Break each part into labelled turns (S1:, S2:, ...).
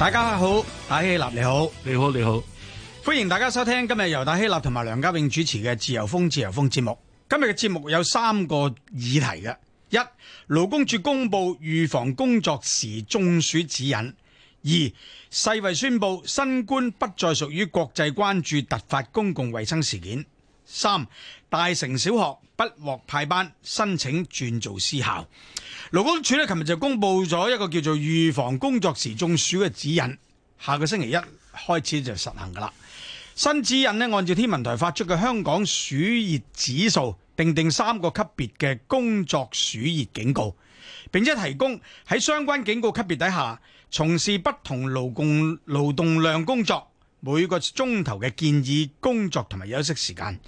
S1: 大家好，戴希立你好，你好你好，歡迎大家收聽今日由戴希立同埋梁家永主持嘅自由風自由風節目。今日嘅節目有三個議題嘅：一、勞工處公布預防工作時中暑指引；二、世衛宣布新冠不再屬於國際關注突發公共衛生事件；三、大城小學不獲派班，申請轉做私校。勞工處咧，琴日就公布咗一個叫做預防工作時中暑嘅指引，下個星期一開始就實行噶啦。新指引呢，按照天文台發出嘅香港暑熱指數，訂定三個級別嘅工作暑熱警告，並且提供喺相關警告級別底下從事不同勞共勞動量工作每個鐘頭嘅建議工作同埋休息時間。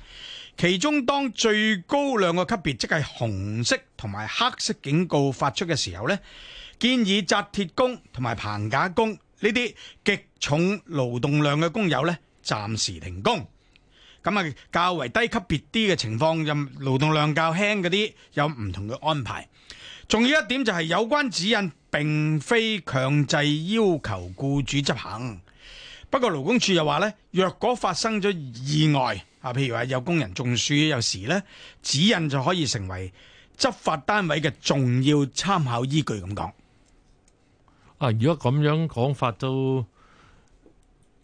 S1: 其中，當最高兩個級別，即係紅色同埋黑色警告發出嘅時候呢，建議紮鐵工同埋棚架工呢啲極重勞動量嘅工友咧，暫時停工。咁啊，較為低級別啲嘅情況，就勞動量較輕嗰啲，有唔同嘅安排。仲有一點就係有關指引並非強制要求僱主執行。不過勞工處又話呢，若果發生咗意外。啊，譬如話有工人中暑，有時咧指引就可以成為執法單位嘅重要參考依據咁講。啊，如果咁樣講
S2: 法都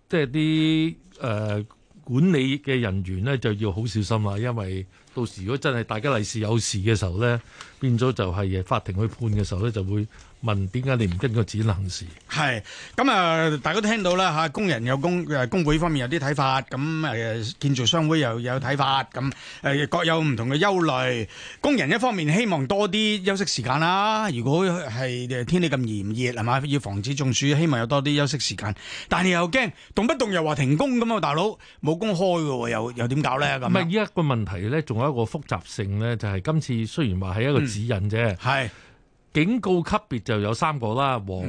S2: 即係啲誒管理嘅人員咧就要好小心啦，因為。到時如果真係大家利是有事嘅時候咧，變咗就係法庭去判嘅時候咧，就會問點解你唔跟個指引行事。係
S1: 咁啊！大家都聽到啦嚇，工人有工工會方面有啲睇法，咁、嗯、誒建造商會又有睇法，咁、嗯、誒各有唔同嘅憂慮。工人一方面希望多啲休息時間啦，如果係天氣咁炎熱係嘛，要防止中暑，希望有多啲休息時間。但係又驚動不動又話停工咁啊、嗯！大佬冇工開喎，又
S2: 又點搞咧咁？唔係一個問題咧，仲有。一個複雜性咧，就係今次雖然話係一個指引啫，係警告級別就有三個啦，黃、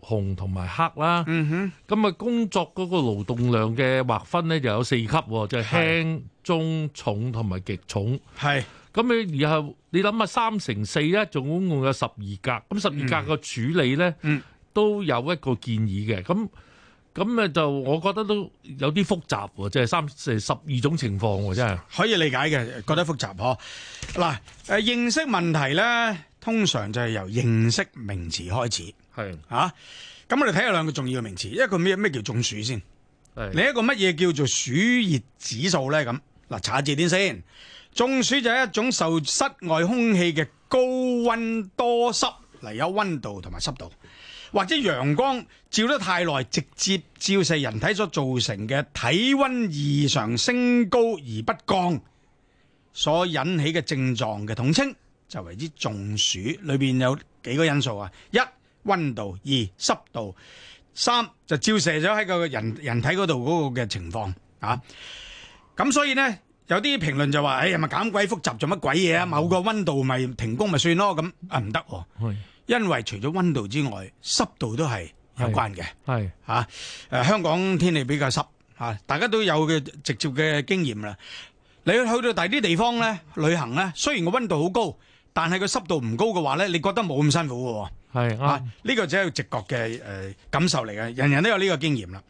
S2: 紅同埋黑啦。嗯哼，咁啊，工作嗰個勞動量嘅劃分咧就有四級，就係輕、中、重同埋極重。係咁啊，你然後你諗下三乘四咧，總共有十二格。咁十二格個處理咧，都有一個建議嘅咁。咁咧就我覺得都有啲複雜喎，即係三四十二
S1: 種情況喎，真係可以理解嘅，覺得複雜嗬。嗱，誒認識問題咧，通常就係由認識名詞開始。係啊，咁我哋睇下兩個重要嘅名詞，一個咩咩叫中暑先？另一個乜嘢叫做暑熱指數咧？咁嗱，查字典先。中暑就係一種受室外空氣嘅高温多濕嚟，有温度同埋濕度。或者陽光照得太耐，直接照射人體所造成嘅體温異常升高而不降，所引起嘅症狀嘅統稱就為之中暑。裏邊有幾個因素啊？一温度，二濕度，三就照射咗喺個人人體嗰度嗰個嘅情況啊。咁所以呢，有啲評論就話：哎呀，係咪減鬼複雜做乜鬼嘢啊？某個温度咪停工咪算咯。咁啊，唔得喎。因為除咗温度之外，濕度都係有關嘅。係吓，誒，香港天氣比較濕吓，大家都有嘅直接嘅經驗啦。你去到第啲地方咧旅行咧，雖然個温度好高，但係個濕度唔高嘅話咧，你覺得冇咁辛苦嘅。係啊，呢個就係直覺嘅誒感受嚟嘅，人人都有呢個經驗啦。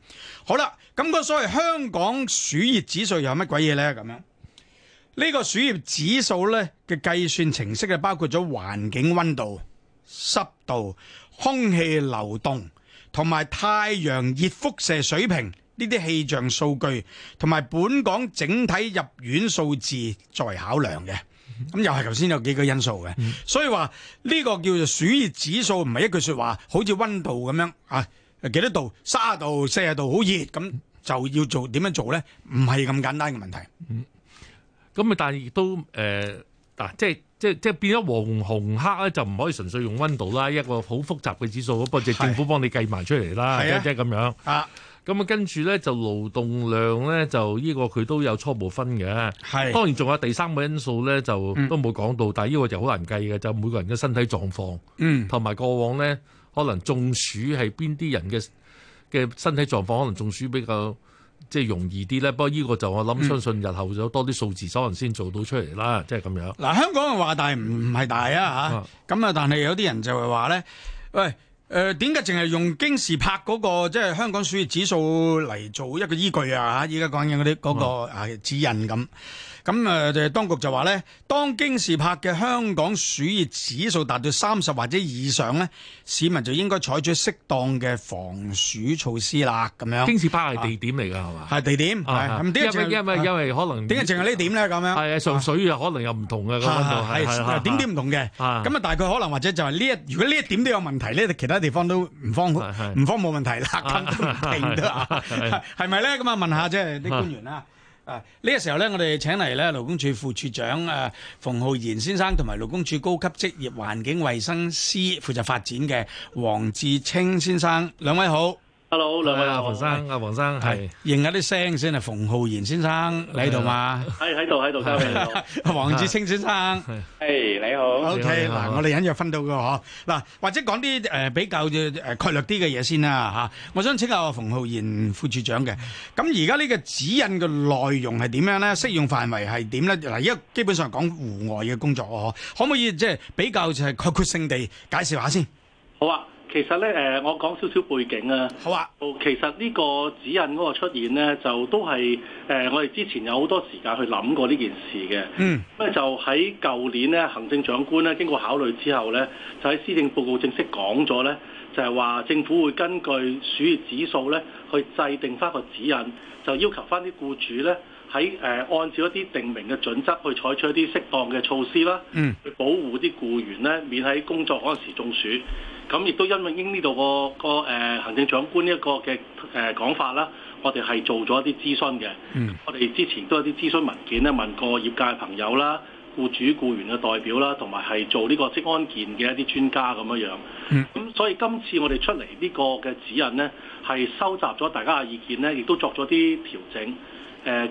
S1: 好啦，咁個所謂香港暑熱指數又係乜鬼嘢咧？咁樣呢個暑熱指數咧嘅計算程式係，包括咗環境温度。濕度、空氣流動同埋太陽熱輻射水平呢啲氣象數據，同埋本港整體入院數字作為考量嘅。咁又係頭先有幾個因素嘅，所以話呢個叫做暑熱指數唔係一句説話，好似温度咁樣啊，幾多度？三十度、四十度，好熱咁就要做點樣做呢？唔係咁簡單嘅問題。
S2: 咁啊，但係亦都誒嗱，即係。即即變咗黃紅黑咧，就唔可以純粹用温度啦，一個好複雜嘅指數，不過就政府幫你計埋出嚟啦，即即咁樣。啊，咁啊跟住咧就勞動量咧就呢個佢都有初步分嘅。係，當然仲有第三個因素咧就都冇講到，但係呢個就好難計嘅，就每個人嘅身體狀況，嗯，同埋過往咧可能中暑係邊啲人嘅嘅身體狀況可能中暑比較。即係容易啲咧，不過依個就我諗相信，
S1: 日後有多啲數字，可能先做到出嚟啦，即係咁樣。嗱、啊，香港嘅話，大唔係大啊嚇，咁啊，啊，但係有啲人就係話咧，喂，誒點解淨係用京士柏嗰、嗰個即係香港暑熱指數嚟做一個依據啊？嚇、嗰個，依家講緊嗰啲嗰個指引咁。咁誒，呃就是、當局就話咧，當京士柏嘅香港暑熱指數達到三十或者以上咧，市民就應該採取適當嘅防暑措施啦。咁樣，京士柏係地點嚟㗎，係嘛？係地點。咁點解淨因為因為可能點解淨係呢點咧？咁樣係啊，上水啊，水可能有唔同嘅咁樣。點係係點唔同嘅。咁啊，大概可能或者就係呢一，如果呢一點都有問題咧，其他地方都唔方唔方冇問題啦。係咪咧？咁啊，問下即係啲官員啦。啊啊呢、這個時候呢，我哋請嚟咧勞工處副處長啊馮浩賢先生同埋勞工處高級職業環境衛生師，負責發展嘅黃志清先生，兩位好。hello，兩位阿、啊、黃、啊啊、生、阿黃生係，認下啲聲先啊，馮浩賢先生，你喺度嘛？喺喺度，喺度，周平黃志清先生，係，hey, 你好。O K，嗱，我哋今日分到個嗬，嗱、啊，或者講啲誒比較誒概略啲嘅嘢先啦吓、啊。我想請教馮浩賢副處長嘅，咁而家呢個指引嘅內容係點樣咧？適用範圍係點咧？嗱，而家基本上講戶外嘅工作哦、啊，可唔可以即係比較就係概括性地解釋下先？
S3: 好啊。其實咧，誒，我講少少背景啊。好啊。其實呢個指引嗰個出現咧，就都係誒、呃，我哋之前有好多時間去諗過呢件事嘅。嗯。咁就喺舊年咧，行政長官咧經過考慮之後咧，就喺施政報告正式講咗咧，就係、是、話政府會根據暑熱指數咧，去制定翻一個指引，就要求翻啲僱主咧喺誒按照一啲定明嘅準則去採取一啲適當嘅措施啦。嗯。去保護啲僱員咧，免喺工作嗰陣時中暑。咁亦都因為應呢度個個行政長官一個嘅講法啦，我哋係做咗一啲諮詢嘅。Mm. 我哋之前都有啲諮詢文件咧，問過業界朋友啦、僱主僱員嘅代表啦，同埋係做呢個職安健嘅一啲專家咁樣。咁所以今次我哋出嚟呢個嘅指引咧，係收集咗大家嘅意見咧，亦都作咗啲調整。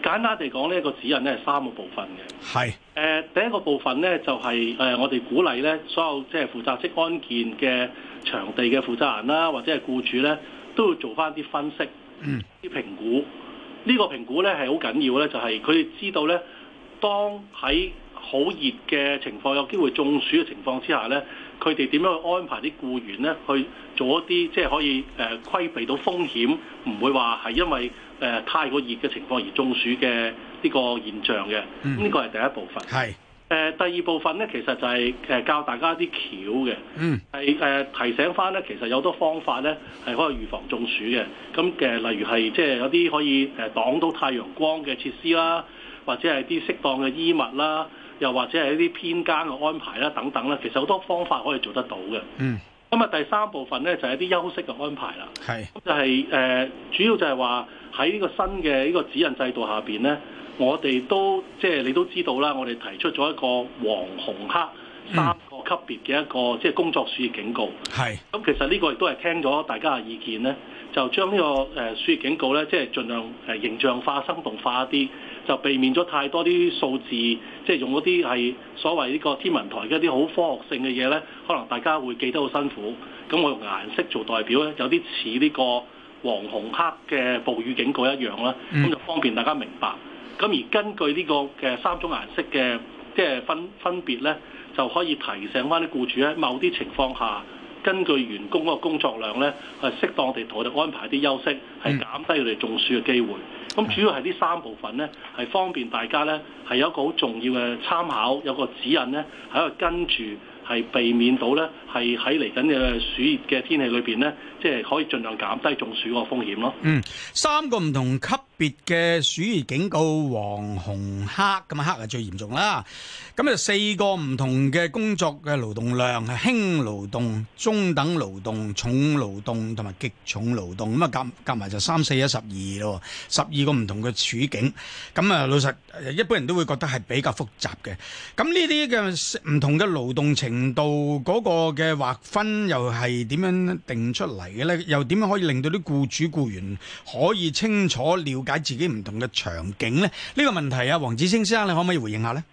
S3: 簡單地講，呢個指引咧係三個部分嘅。係第一個部分咧，就係我哋鼓勵咧所有即係負責職安健嘅場地嘅負責人啦，或者係僱主咧，都要做翻啲分析，啲評估。呢個評估咧係好緊要咧，就係佢哋知道咧，當喺好熱嘅情況，有機會中暑嘅情況之下咧，佢哋點樣去安排啲僱員咧，去做一啲即係可以規避到風險，唔會話係因為，誒、呃、太過熱嘅情況而中暑嘅呢個現象嘅，呢、嗯這個係第一部分。係誒、呃、第二部分咧，其實就係、是、誒、呃、教大家啲竅嘅，係、嗯、誒、呃、提醒翻咧，其實有好多方法咧係可以預防中暑嘅。咁嘅、呃、例如係即係有啲可以誒擋、呃、到太陽光嘅設施啦，或者係啲適當嘅衣物啦，又或者係一啲偏間嘅安排啦等等啦。其實好多方法可以做得到嘅。嗯。咁啊，第三部分咧就係、是、一啲休息嘅安排啦。係。咁就係、是、誒、呃，主要就係話。喺呢個新嘅呢個指引制度下面，咧，我哋都即係、就是、你都知道啦，我哋提出咗一個黃紅黑三個級別嘅一個即係、就是、工作暑熱警告。咁、嗯，其實呢個亦都係聽咗大家嘅意見咧，就將呢個誒暑熱警告咧，即、就、係、是、盡量誒形象化、生動化一啲，就避免咗太多啲數字，即、就、係、是、用嗰啲係所謂呢個天文台嘅一啲好科學性嘅嘢咧，可能大家會記得好辛苦。咁我用顏色做代表咧，有啲似呢個。黃、紅、黑嘅暴雨警告一樣啦，
S4: 咁就方便大
S3: 家明白。咁而根據呢個嘅三種顏色嘅，即係分分別咧，就可以提醒翻啲僱主喺某啲情況下根據員工嗰個工作量咧，係適當地同佢哋安排啲休息，係減低佢哋中暑嘅機會。咁主要係呢三部分咧，係方便大家咧，係有一個好重要嘅參考，有個指引咧，喺度跟住，係避免到咧，係喺嚟緊嘅暑熱嘅天氣裏邊咧，即係可以盡量減低中暑個風險
S1: 咯。嗯，三個唔同級。別嘅暑熱警告黃紅黑咁，啊黑係最嚴重啦，咁啊四個唔同嘅工作嘅勞動量係輕勞動、中等勞動、重勞動同埋極重勞動，咁啊夾夾埋就三四一十二咯，十二個唔同嘅處境，咁啊老實，一般人都會覺得係比較複雜嘅。咁呢啲嘅唔同嘅勞動程度嗰個嘅劃分又係點樣定出嚟嘅咧？又點樣可以令到啲僱主僱員可以清楚了解自己唔同嘅場景咧，呢個問題啊，黃志清先生，你可唔可以回應下咧？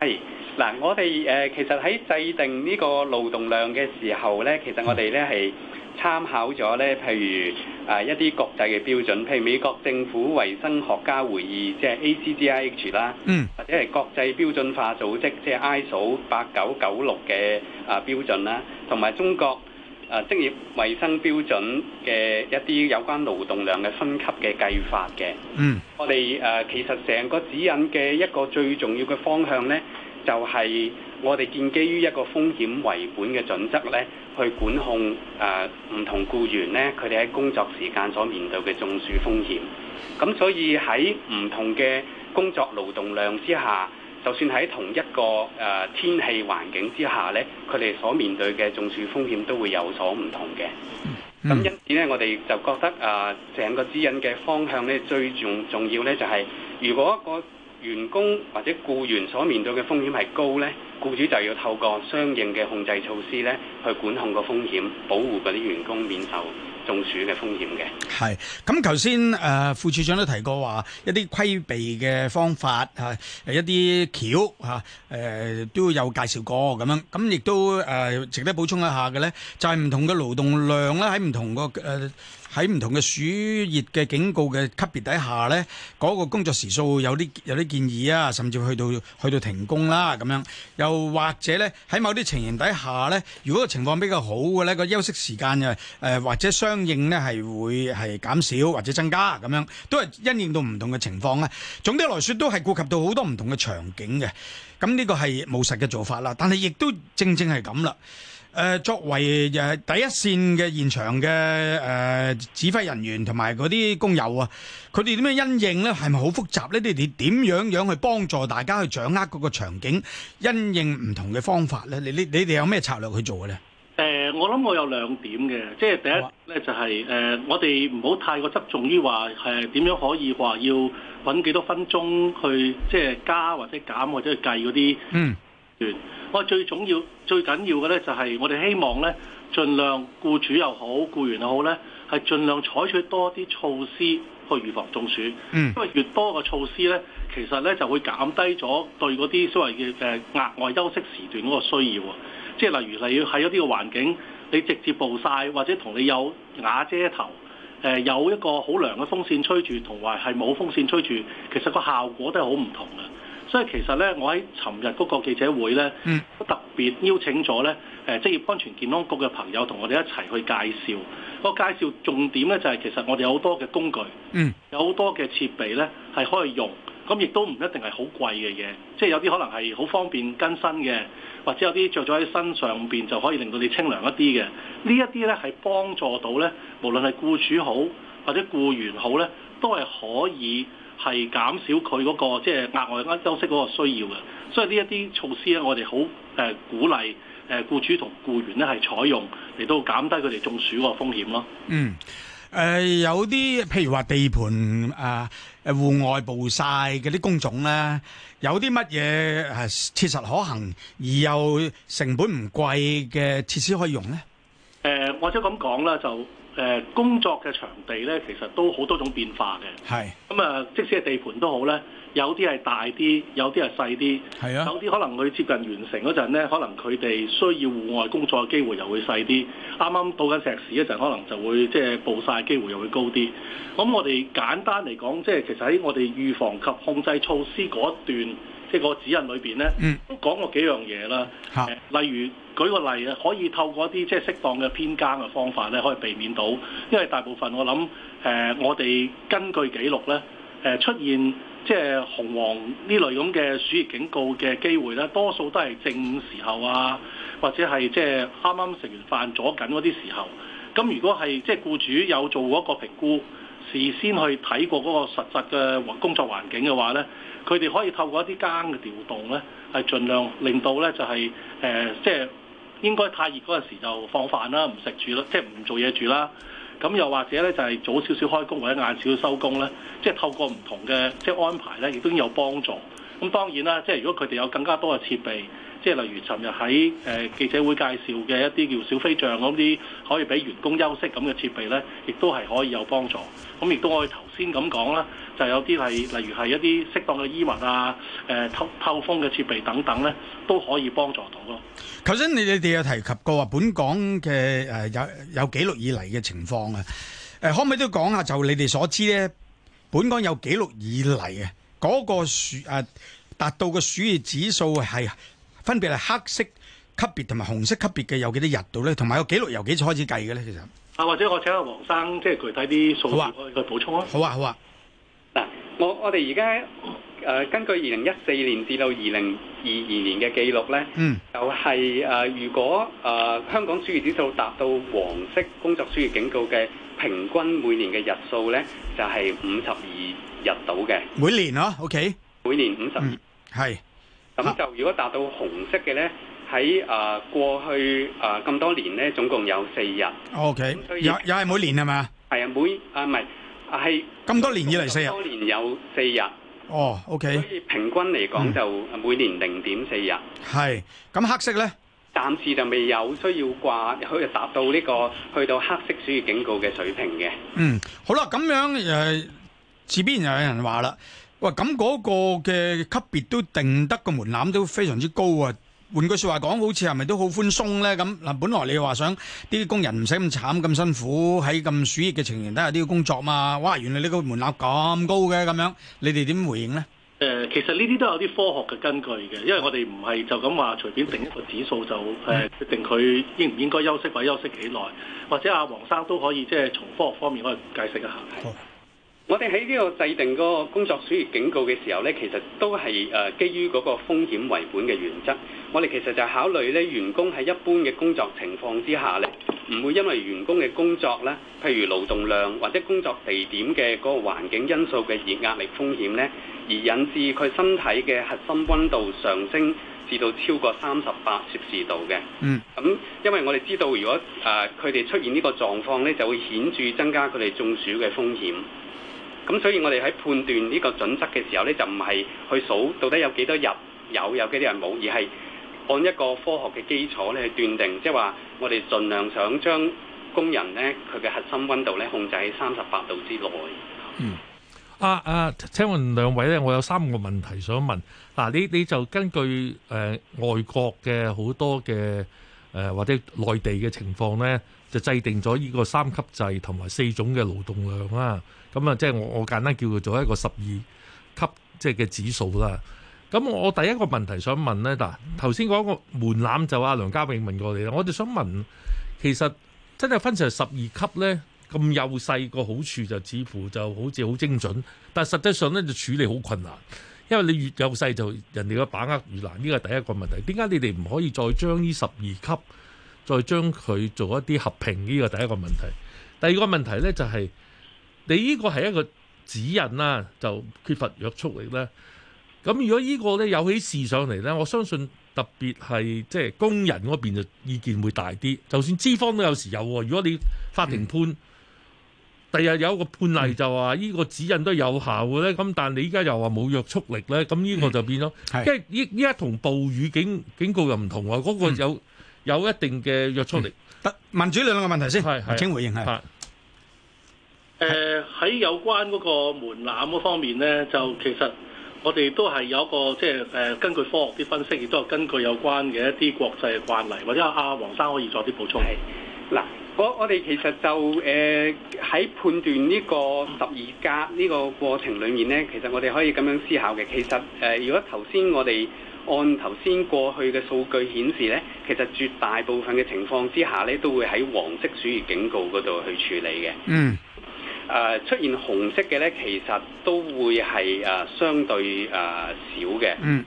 S5: 係，嗱，我哋誒其實喺制定呢個勞動量嘅時候咧，其實我哋咧係參考咗咧，譬如啊一啲國際嘅標準，譬如美國政府衞生學家會議，即係 ACGIH 啦，嗯，或者係國際標準化組織，即係 ISO 八九九六嘅啊標準啦，同埋中國。誒職業衞生標準嘅一啲有關勞動量嘅分級嘅計法嘅，嗯，我哋誒其實成個指引嘅一個最重要嘅方向呢，就係我哋建基於一個風險為本嘅準則呢，去管控誒唔同僱員呢，佢哋喺工作時間所面對嘅中暑風險。咁所以喺唔同嘅工作勞動量之下。就算喺同一個、呃、天氣環境之下呢，佢哋所面對嘅中暑風險都會有所唔同嘅。咁因此呢，我哋就覺得、呃、整個指引嘅方向呢，最重重要呢就係、是、如果一個員工或者僱員所面對嘅風險係高呢，僱主就要透過相應嘅控制措施呢去管控個風險，保護嗰啲員工免受。
S1: 中暑嘅風險嘅，係咁頭先誒副處長都提過話一啲規避嘅方法嚇，誒一啲橋嚇誒，都有介紹過咁樣，咁、啊、亦都誒、啊、值得補充一下嘅咧，就係、是、唔同嘅勞動量咧，喺唔同個誒。喺唔同嘅暑熱嘅警告嘅級別底下呢，嗰、嗰個工作時數有啲有啲建議啊，甚至去到去到停工啦咁樣，又或者呢，喺某啲情形底下呢，如果情況比較好嘅呢，個休息時間誒、呃、或者相應呢係會係減少或者增加咁樣，都係因應到唔同嘅情況呢，總的來說，都係顧及到好多唔同嘅場景嘅。咁呢個係務實嘅做法啦。但係亦都正正係咁啦。誒作為誒第一線嘅現場嘅誒指揮人員同埋嗰啲工友啊，佢哋點樣因應咧，係咪好複雜咧？你哋點樣樣去幫助大家去掌握嗰個場景，因應唔同嘅方法咧？你你你哋有咩策略去做嘅
S3: 咧？誒、呃，我諗我有兩點嘅，即係第一咧、啊、就係、是、誒、呃，我哋唔好太過側重於話誒點樣可以話要揾幾多分鐘去即係加或者減或者去計嗰啲嗯段。我最重要、最緊要嘅咧，就係我哋希望咧，盡量僱主又好、僱員又好咧，係盡量採取多啲措施去預防中暑。因為越多嘅措施咧，其實咧就會減低咗對嗰啲所謂嘅誒額外休息時段嗰個需要啊。即係例如你要喺一啲嘅環境，你直接暴曬或者同你有瓦遮頭誒、呃、有一個好涼嘅風扇吹住，同埋係冇風扇吹住，其實個效果都係好唔同嘅。即係其實咧，我喺尋日嗰個記者會咧，都特別邀請咗咧誒職業安全健康局嘅朋友同我哋一齊去介紹。嗰個介紹重點咧就係其實我哋有好多嘅工具，有好多嘅設備咧係可以用，咁亦都唔一定係好貴嘅嘢。即係有啲可能係好方便更新嘅，或者有啲着咗喺身上邊就可以令到你清涼一啲嘅。呢一啲咧係幫助到咧，無論係僱主好或者僱員好咧，都係可以。係減少佢嗰，那個即係額外間休息嗰個需要嘅，所以呢一啲措施咧，我哋好誒鼓勵誒僱主同僱員咧係採用嚟到減低佢哋中暑個風險咯。嗯，
S1: 誒、呃、有啲譬如話地盤啊誒、呃、戶外暴曬嘅啲工種咧，有啲乜嘢誒切實可行而又成本唔貴嘅設施可以用咧？
S3: 誒、呃，或者咁講啦，就。呃、工作嘅場地呢，其實都好多種變化嘅。係咁啊，即使係地盤都好呢，有啲係大啲，有啲係細啲。係啊，有啲可能佢接近完成嗰陣咧，可能佢哋需要戶外工作嘅機會又會細啲。啱啱到緊石屎嗰陣，可能就會即係曝曬機會又會高啲。咁我哋簡單嚟講，即係其實喺我哋預防及控制措施嗰一段。即、這、係個指引裏邊咧，都講過幾樣嘢啦、呃。例如舉個例啊，可以透過一啲即係適當嘅偏減嘅方法咧，可以避免到。因為大部分我諗誒、呃，我哋根據記錄咧，誒、呃、出現即係紅黃呢類咁嘅暑熱警告嘅機會咧，多數都係正午時候啊，或者係即係啱啱食完飯咗緊嗰啲時候。咁如果係即係僱主有做過一個評估，事先去睇過嗰個實際嘅工作環境嘅話咧。佢哋可以透過一啲間嘅調動咧，係盡量令到咧就係誒，即係應該太熱嗰陣時就放飯啦，唔食住啦，即係唔做嘢住啦。咁又或者咧就係早少少開工或者晏少少收工咧，即係透過唔同嘅即係安排咧，亦都有幫助。咁當然啦，即係如果佢哋有更加多嘅設備，即係例如尋日喺誒記者會介紹嘅一啲叫小飛象嗰啲可以俾員工休息咁嘅設備咧，亦都係可以有幫助。咁亦都可以頭先咁講啦。就有啲係例，例如係一啲適當嘅衣物啊、呃、透透風嘅設備等等咧，都可以幫助到咯。
S1: 頭先你你哋有提及過話本港嘅、呃、有有記錄以嚟嘅情況啊、呃，可唔可以都講下就你哋所知咧，本港有記錄以嚟嘅嗰個暑達、呃、到嘅暑熱指數係分別係黑色級別同埋紅色級別嘅有幾多日度咧？同埋有記錄由幾時開始計嘅咧？其實
S3: 啊，或者我請阿黃生即係具體啲數字好、啊、去補充
S4: 啊。好啊，好
S1: 啊。
S3: 嗱，我我哋而家誒根據二
S5: 零一四年至到二零二二年嘅記錄咧，嗯，就係誒如果誒香港暑熱指數達到黃色工作暑熱警告嘅平均每年嘅日數咧，就係五十二日到嘅。
S1: 每年啊，OK，
S5: 每年五十二，係咁就如果達到紅色嘅咧，喺誒過去誒咁多年咧，總共有四日。
S1: OK，又又係每年係嘛？
S5: 係啊，每啊唔係啊係。咁多年以嚟四日，多年有四日，
S1: 哦，OK，所以
S5: 平均嚟講就每年零點四日。
S1: 係咁黑色咧，
S5: 暫時就未有需要掛，可以達到呢個去到黑色暑熱警告嘅水平嘅。嗯，
S1: 好啦，咁樣誒，自必然又有人話啦，喂，咁嗰個嘅級別都定得個門檻都非常之高啊！換句説話講，好似係咪都好寬鬆咧？咁嗱，本來你話想啲工人唔使咁慘咁辛苦喺咁暑熱嘅情形底下都要工作嘛？哇！原來呢個門檻咁高嘅咁樣，你哋點回應呢？誒，
S3: 其實呢啲都有啲科學嘅根據嘅，因為我哋唔係就咁話隨便定一個指數就誒定佢應唔應該休息或者休息幾耐，或者阿黃生都可以即係從科學方面可以解釋一下。好，我哋喺呢度制定嗰個工作暑熱警告嘅時候咧，其實都
S5: 係誒基於嗰個風險為本嘅原則。我哋其實就係考慮咧，員工喺一般嘅工作情況之下咧，唔會因為員工嘅工作咧，譬如勞動量或者工作地點嘅嗰個環境因素嘅熱壓力風險咧，而引致佢身體嘅核心温度上升至到超過三十八攝氏度嘅。Mm. 嗯。咁，因為我哋知道，如果誒佢哋出現這個狀況呢個狀況咧，就會顯著增加佢哋中暑嘅風險。咁所以，我哋喺判斷呢個準則嘅時候咧，就唔係去數到底有幾多日有，有幾多人冇，而係。按一個科學嘅基礎咧去斷定，即係話我哋盡量想將工人咧佢嘅核心温度咧控制喺三十
S6: 八度之內。嗯，
S2: 啊啊，請問兩位咧，我有三個問題想問。嗱，你你就根據誒外國嘅好多嘅誒或者內地嘅情況咧，就制定咗呢個三級制同埋四種嘅勞動量啦。咁啊，即係我我簡單叫佢做一個十二級即係嘅指數啦。咁我第一個問題想問呢，嗱頭先講個門檻就阿梁家榮問過你啦，我哋想問，其實真係分成十二級呢，咁幼細個好處就似乎就好似好精準，但實際上呢，就處理好困難，因為你越幼細就人哋嘅把握越難，呢個第一個問題。點解你哋唔可以再將呢十二級再將佢做一啲合併？呢個第一個問題。第二個問題呢，就係你呢個係一個指引啦，就缺乏約束力呢咁如果呢個咧有起事上嚟咧，我相信特別係即係工人嗰邊就意見會大啲。就算資方都有時有喎。如果你法庭判，第、嗯、日有個判例就話呢個指引都有效嘅咧，咁、嗯、但係你依家又話冇約束力咧，咁呢個就變咗。係，因為依依家同暴雨警警告又唔同喎，嗰個有有一
S1: 定嘅約束力。得、嗯、那個嗯、民主兩個問題先，請回應下。
S3: 誒喺、呃、有關嗰個門檻方面咧，就其實。我哋都係有一個即係、就是呃、根據科學啲分析，亦都係根據有關嘅一啲國際嘅慣例，或者阿、啊、黃生可以作啲補充。嗱，我我哋其實就誒喺、呃、判斷
S5: 呢個十二格呢個過程裏面呢，其實我哋可以咁樣思考嘅。其實、呃、如果頭先我哋按頭先過去嘅數據顯示呢，其實絕大部分嘅情況之下呢，都會喺黃色暑熱警告嗰度去處理嘅。嗯。誒出現紅色嘅呢，其實都會係誒相對誒少嘅。
S4: 嗯，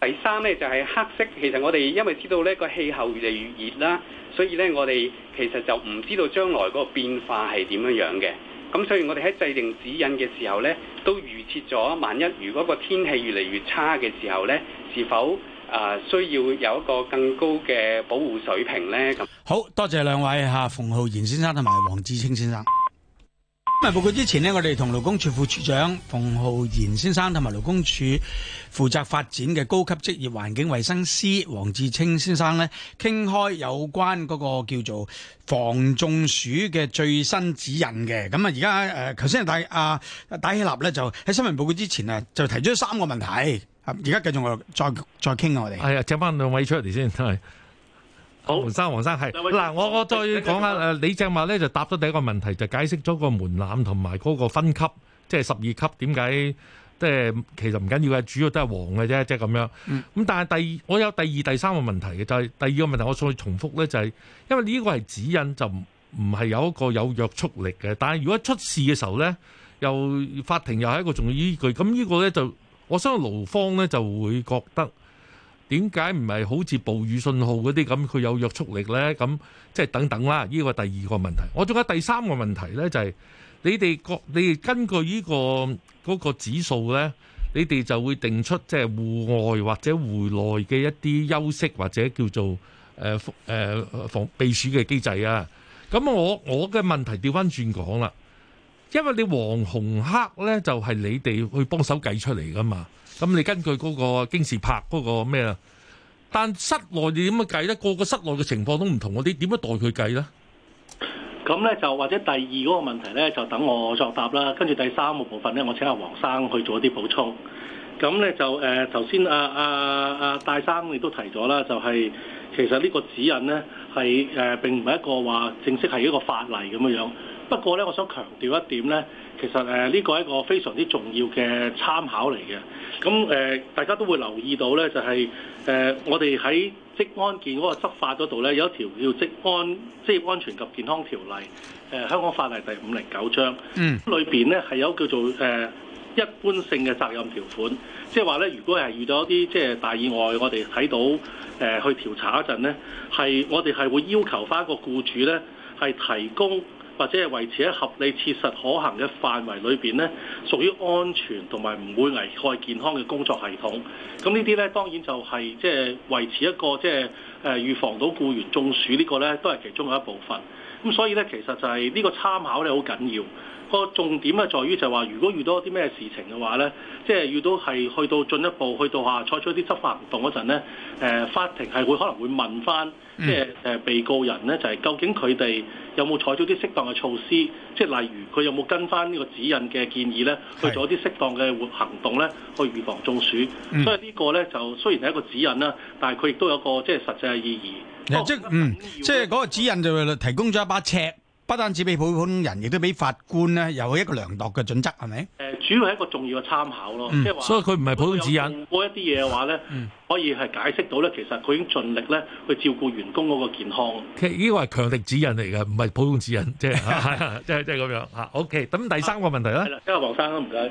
S5: 第三呢，就係黑色。其實我哋因為知道呢個氣候越嚟越熱啦，所以呢，我哋其實就唔知道將來嗰個變化係點樣樣嘅。咁所以我哋喺制定指引嘅時候呢，都預設咗萬一如果個天氣越嚟越差嘅時候呢，是否誒需要有一個更高嘅保護水平
S1: 呢？咁好多謝兩位吓，馮浩賢先生同埋黃志清先生。新聞報告之前呢，我哋同勞工處副處長馮浩賢先生，同埋勞工處負責發展嘅高級職業環境衛生師黃志清先生呢傾開有關嗰個叫做防中暑嘅最新指引嘅。咁啊，而家誒，頭先大阿戴啟立呢就喺新聞報告之前啊，就提出咗三個問題。而家繼續再再傾啊，我哋係啊，請翻兩位出嚟先。黃生，黃生係
S2: 嗱，我我再講下誒，李正話咧就答咗第一個問題，就解釋咗個門檻同埋嗰個分級，即係十二級點解？即係其實唔緊要嘅，主要都係黃嘅啫，即係咁樣。咁、嗯、但係第二，我有第二、第三個問題嘅，就係、是、第二個問題，我想去重複咧、就是，就係因為呢個係指引，就唔唔係有一個有約束力嘅。但係如果出事嘅時候咧，又法庭又係一個重要依據。咁呢個咧就，我相信勞方咧就會覺得。點解唔係好似暴雨信號嗰啲咁佢有約束力呢？咁即係等等啦。呢個第二個問題，我仲有第三個問題呢，就係、是、你哋個你哋根據呢、這個嗰、那個、指數呢，你哋就會定出即係戶外或者戶內嘅一啲休息或者叫做誒誒防避暑嘅機制啊。咁我我嘅問題調翻轉講啦，因為你黃紅黑呢，就係、是、你哋去幫手計出嚟噶嘛。咁你根據嗰個京士柏嗰個咩啊？但室內你點樣計咧？個個室內嘅情況都唔同嗰啲，點樣代佢計咧？
S3: 咁咧就或者第二個問題咧，就等我作答啦。跟住第三個部分咧，我請阿黃生去做啲補充。咁咧就誒，頭先呃呃呃阿阿阿戴生亦都提咗啦，就係、是、其實呢個指引咧係誒並唔係一個話正式係一個法例咁嘅樣。不過咧，我想強調一點咧。其實誒呢、呃這個係一個非常之重要嘅參考嚟嘅，咁誒、呃、大家都會留意到呢，就係、是、誒、呃、我哋喺職安健嗰個執法嗰度呢，有一條叫職安職業安全及健康條例，誒、呃、香港法例第五零九章，
S4: 嗯，裏邊呢，
S3: 係有叫做誒、呃、一般性嘅責任條款，即係話呢，如果係遇到一啲即係大意外，我哋睇到誒、呃、去調查一陣呢，係我哋係會要求返個僱主呢，係提供。或者係維持喺合理、切實、可行嘅範圍裏邊咧，屬於安全同埋唔會危害健康嘅工作系統。咁呢啲咧當然就係即係維持一個即係誒預防到僱員中暑個呢個咧，都係其中嘅一部分。咁所以咧，其實就係呢個參考咧好緊要。那個重點啊，在於就係話，如果遇到啲咩事情嘅話咧，即係遇到係去到進一步，去到下採取啲執法行動嗰陣咧，誒、呃、法庭係會可能會問翻，即係誒、呃、被告人咧，就係、是、究竟佢哋有冇採取啲適當嘅措施，即係例如佢有冇跟翻呢個指引嘅建議咧，去做啲適當嘅活行動咧，去預防中暑。所以個呢個咧就雖然係一個指引啦，但係佢亦都有個即係實際嘅意義。
S1: 即嗯，嗯，即係嗰個指引就係提供咗一把尺。不單止俾普通人，亦都俾法官咧，有一個良度嘅準則，係咪？誒，
S3: 主要係一個重要嘅參考咯。嗯，即係話、所以佢
S1: 唔係普通指引。嗰
S3: 一啲嘢嘅話咧，可以係解釋到咧，其實佢已經盡力咧去照顧員工嗰個健
S2: 康。其實呢個係強力指引嚟嘅，唔係普通指引，即係即係即係咁樣嚇。OK，咁第三個問題咧。係、啊、啦，
S5: 即係黃生都唔該。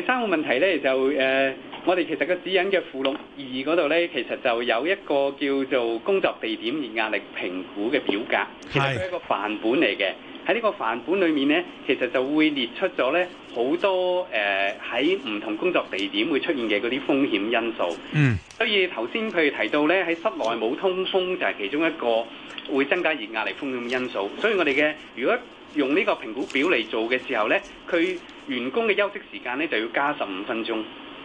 S5: 第三個問題咧就誒。呃我哋其實個指引嘅附錄二嗰度呢，其實就有一個叫做工作地點熱壓力評估嘅表格，其實係一個範本嚟嘅。喺呢個範本裡面呢，其實就會列出咗呢好多誒喺唔同工作地點會出現嘅嗰啲風險因素。
S4: 嗯，
S5: 所以頭先佢提到呢，喺室內冇通風就係其中一個會增加熱壓力風險因素。所以我哋嘅如果用呢個評估表嚟做嘅時候呢，佢員工嘅休息時間呢就要加十五分鐘。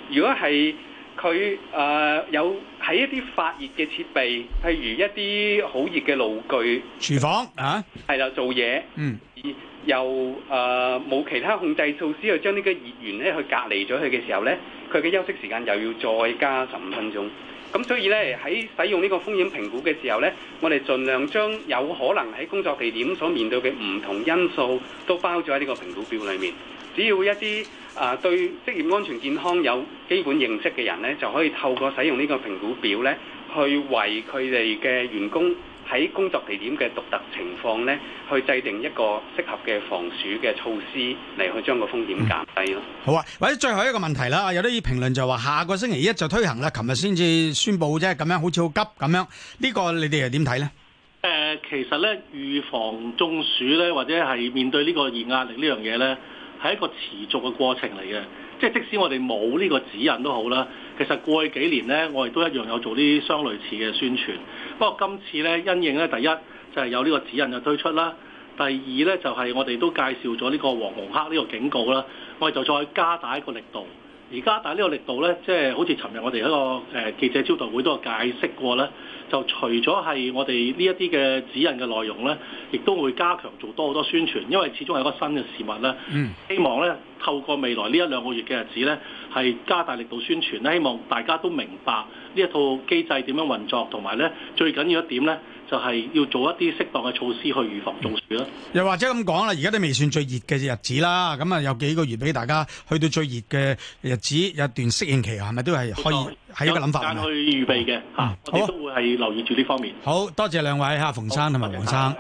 S5: 如果係佢誒有喺一啲發熱嘅設備，譬如一啲好熱嘅爐具、
S4: 廚房嚇，
S5: 係、啊、啦，做嘢，嗯，而又誒冇、呃、其他控制措施去將呢個熱源咧去隔離咗佢嘅時候咧，佢嘅休息時間又要再加十五分鐘。咁所以咧喺使用呢個風險評估嘅時候咧，我哋盡量將有可能喺工作地點所面對嘅唔同因素都包咗喺呢個評估表裡面。只要一啲啊對職業安全健康有基本認識嘅人咧，就可以透過使用呢個評估表咧，去為佢哋嘅員工喺工作地點嘅獨特情況咧，去制定一個適合嘅防暑嘅措施嚟去將個風險減低咯、嗯。
S1: 好啊，或者最後一個問題啦，有啲評論就話下個星期一就推行啦，琴日先至宣佈啫，咁樣好似好急咁樣。呢、呢個你哋又點睇咧？
S3: 誒、呃，其實咧預防中暑咧，或者係面對呢個熱壓力呢樣嘢咧，係一個持續嘅過程嚟嘅，即係即使我哋冇呢個指引都好啦。其實過去幾年呢，我哋都一樣有做啲相類似嘅宣傳。不過今次呢，因應咧，第一就係有呢個指引嘅推出啦，第二呢，就係我哋都介紹咗呢個黃紅黑呢個警告啦。我哋就再加大一個力度，而加大呢個力度呢，即係好似尋日我哋一個誒記者招待會都有解釋過咧。就除咗係我哋呢一啲嘅指引嘅內容呢，亦都會加強做多好多宣傳，因為始終係一個新嘅事物啦。
S4: 希望
S3: 呢透過未來呢一兩個月嘅日子呢，係加大力度宣傳咧，希望大家都明白呢一套機制點樣運作，同埋呢最緊要一點呢。就係要做一啲適當嘅措施去預防中暑
S1: 啦。又或者咁講啦，而家都未算最熱嘅日子啦。咁啊，有幾個月俾大家去到最熱嘅日子，有段適應期，係咪都係可以喺一個諗法？喺有一間去預備嘅嚇、嗯。我哋都會係留意住呢方面。好多謝兩位嚇，馮生同埋黃生。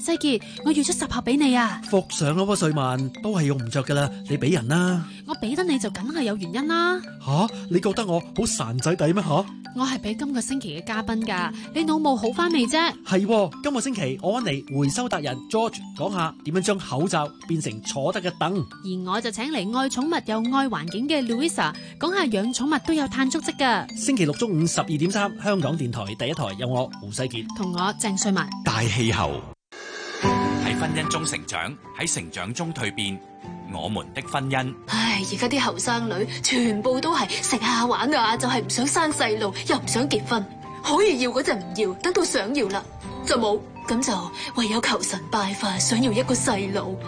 S7: 世傑，我預咗十盒俾你啊！
S1: 服上咯，萃雯都係用唔着噶啦，你俾人啦。
S7: 我俾得你就梗係有原因啦。
S1: 吓，你覺得我好散仔底咩？吓，
S7: 我係俾今個星期嘅嘉賓噶，你腦冇好返未啫？
S3: 係今個星期，我揾嚟回收達人 George 講下點樣將口罩變成坐得嘅凳，
S7: 而我就請嚟愛寵物又愛環境嘅 Louisa 講下養寵物都有碳足跡噶。
S6: 星期六中午十二點三，香港電台第一台有我胡世傑
S7: 同我鄭萃雯
S6: 大氣候。婚姻中成長，
S5: 喺成長中蛻變，我們的婚姻。
S7: 唉，而家啲後生女全部都係食下玩下，就係唔想生細路，又唔想結婚，可以要嗰陣唔要，等到想要啦就冇，咁就唯有求神拜佛，想要一個細路，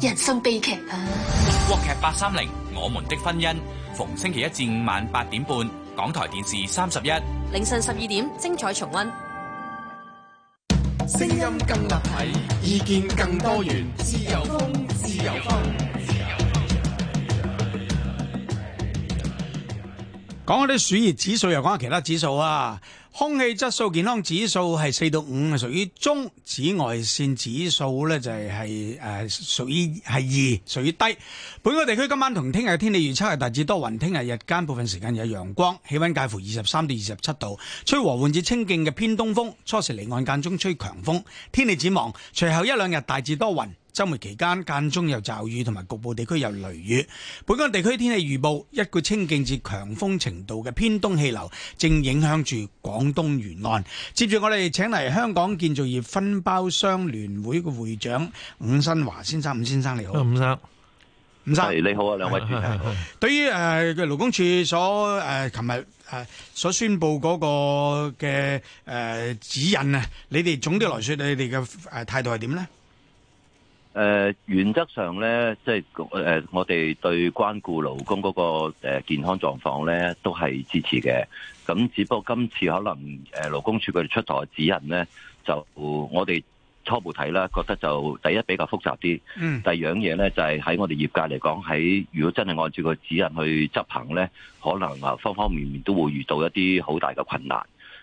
S7: 人生悲劇啊！
S5: 國劇八三零《我們的婚姻》，逢星期一至五晚八點半，港台電視三十一，
S7: 凌晨十二點精彩重溫。
S5: 聲音更立體，
S2: 意見更多元，
S5: 自
S4: 由風，自由風，自由
S1: 風。講下啲暑熱指數，又講下其他指數啊！空氣質素健康指數係四到五，係屬於中；紫外線指數咧就係係誒，屬於係二，屬於低。本港地區今晚同聽日天氣預測係大致多雲，聽日日間部分時間有陽光，氣溫介乎二十三到二十七度，吹和緩至清勁嘅偏東風，初時離岸間中吹強風，天氣展望隨後一兩日大致多雲。周末期間間中有驟雨，同埋局部地區有雷雨。本港地區天氣預報：一個清勁至強風程度嘅偏東氣流正影響住廣東沿岸。接住我哋請嚟香港建造業分包商聯會嘅會長伍新華先生，伍先生你好。伍生，伍生，
S6: 你好啊！兩位主持，
S1: 對於誒勞、呃、工處所誒琴日誒所宣布嗰個嘅誒、呃、指引啊，你哋總的來說，你哋嘅誒態度係點呢？誒、
S6: 呃，原則上咧，即係誒，我哋對關顧勞工嗰個誒健康狀況咧，都係支持嘅。咁只不過今次可能誒勞工處佢哋出台指引咧，就、呃、我哋初步睇啦，覺得就第一比較複雜啲。嗯。第二樣嘢咧，就係、是、喺我哋業界嚟講，喺如果真係按照個指引去執行咧，可能啊方方面面都會遇到一啲好大嘅困難。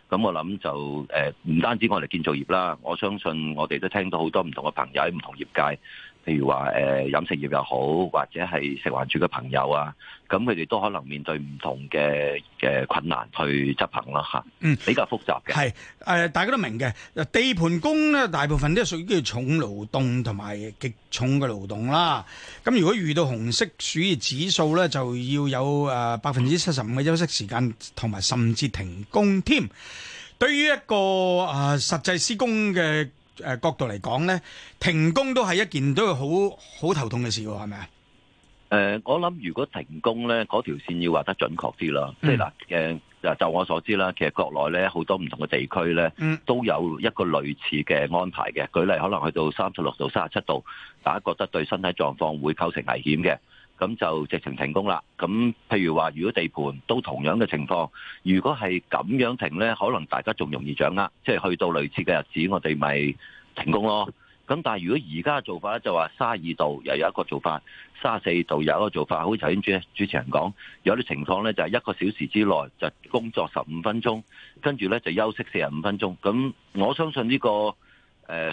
S6: 咁我諗就誒，唔單止我哋建造業啦，我相信我哋都聽到好多唔同嘅朋友喺唔同業界，譬如話誒飲食業又好，或者係食環署嘅朋友啊。咁佢哋都可能面對唔同嘅嘅困難去執行啦嚇，嗯，比較複雜嘅，係、嗯
S1: 呃、大家都明嘅地盤工咧，大部分都係屬於重勞動同埋極重嘅勞動啦。咁如果遇到紅色暑熱指數咧，就要有誒百分之七十五嘅休息時間，同埋甚至停工添。對於一個誒、呃、實際施工嘅、呃、角度嚟講咧，停工都係一件都係好好頭痛嘅事喎，係咪啊？
S6: 誒，我諗如果停工咧，嗰條線要畫得準確啲咯。即係嗱，誒，就我所知啦，其實國內咧好多唔同嘅地區咧，都有一個類似嘅安排嘅。舉例可能去到三十六度、三十七度，大家覺得對身體狀況會構成危險嘅，咁就直情停工啦。咁譬如話，如果地盤都同樣嘅情況，如果係咁樣停咧，可能大家仲容易掌握。即係去到類似嘅日子，我哋咪停工咯。咁但係如果而家做法就話卅二度，又有一個做法卅四度，有一個做法，好似頭先主主持人講，有啲情況咧就係一個小時之內就工作十五分鐘，跟住咧就休息四十五分鐘。咁我相信呢個誒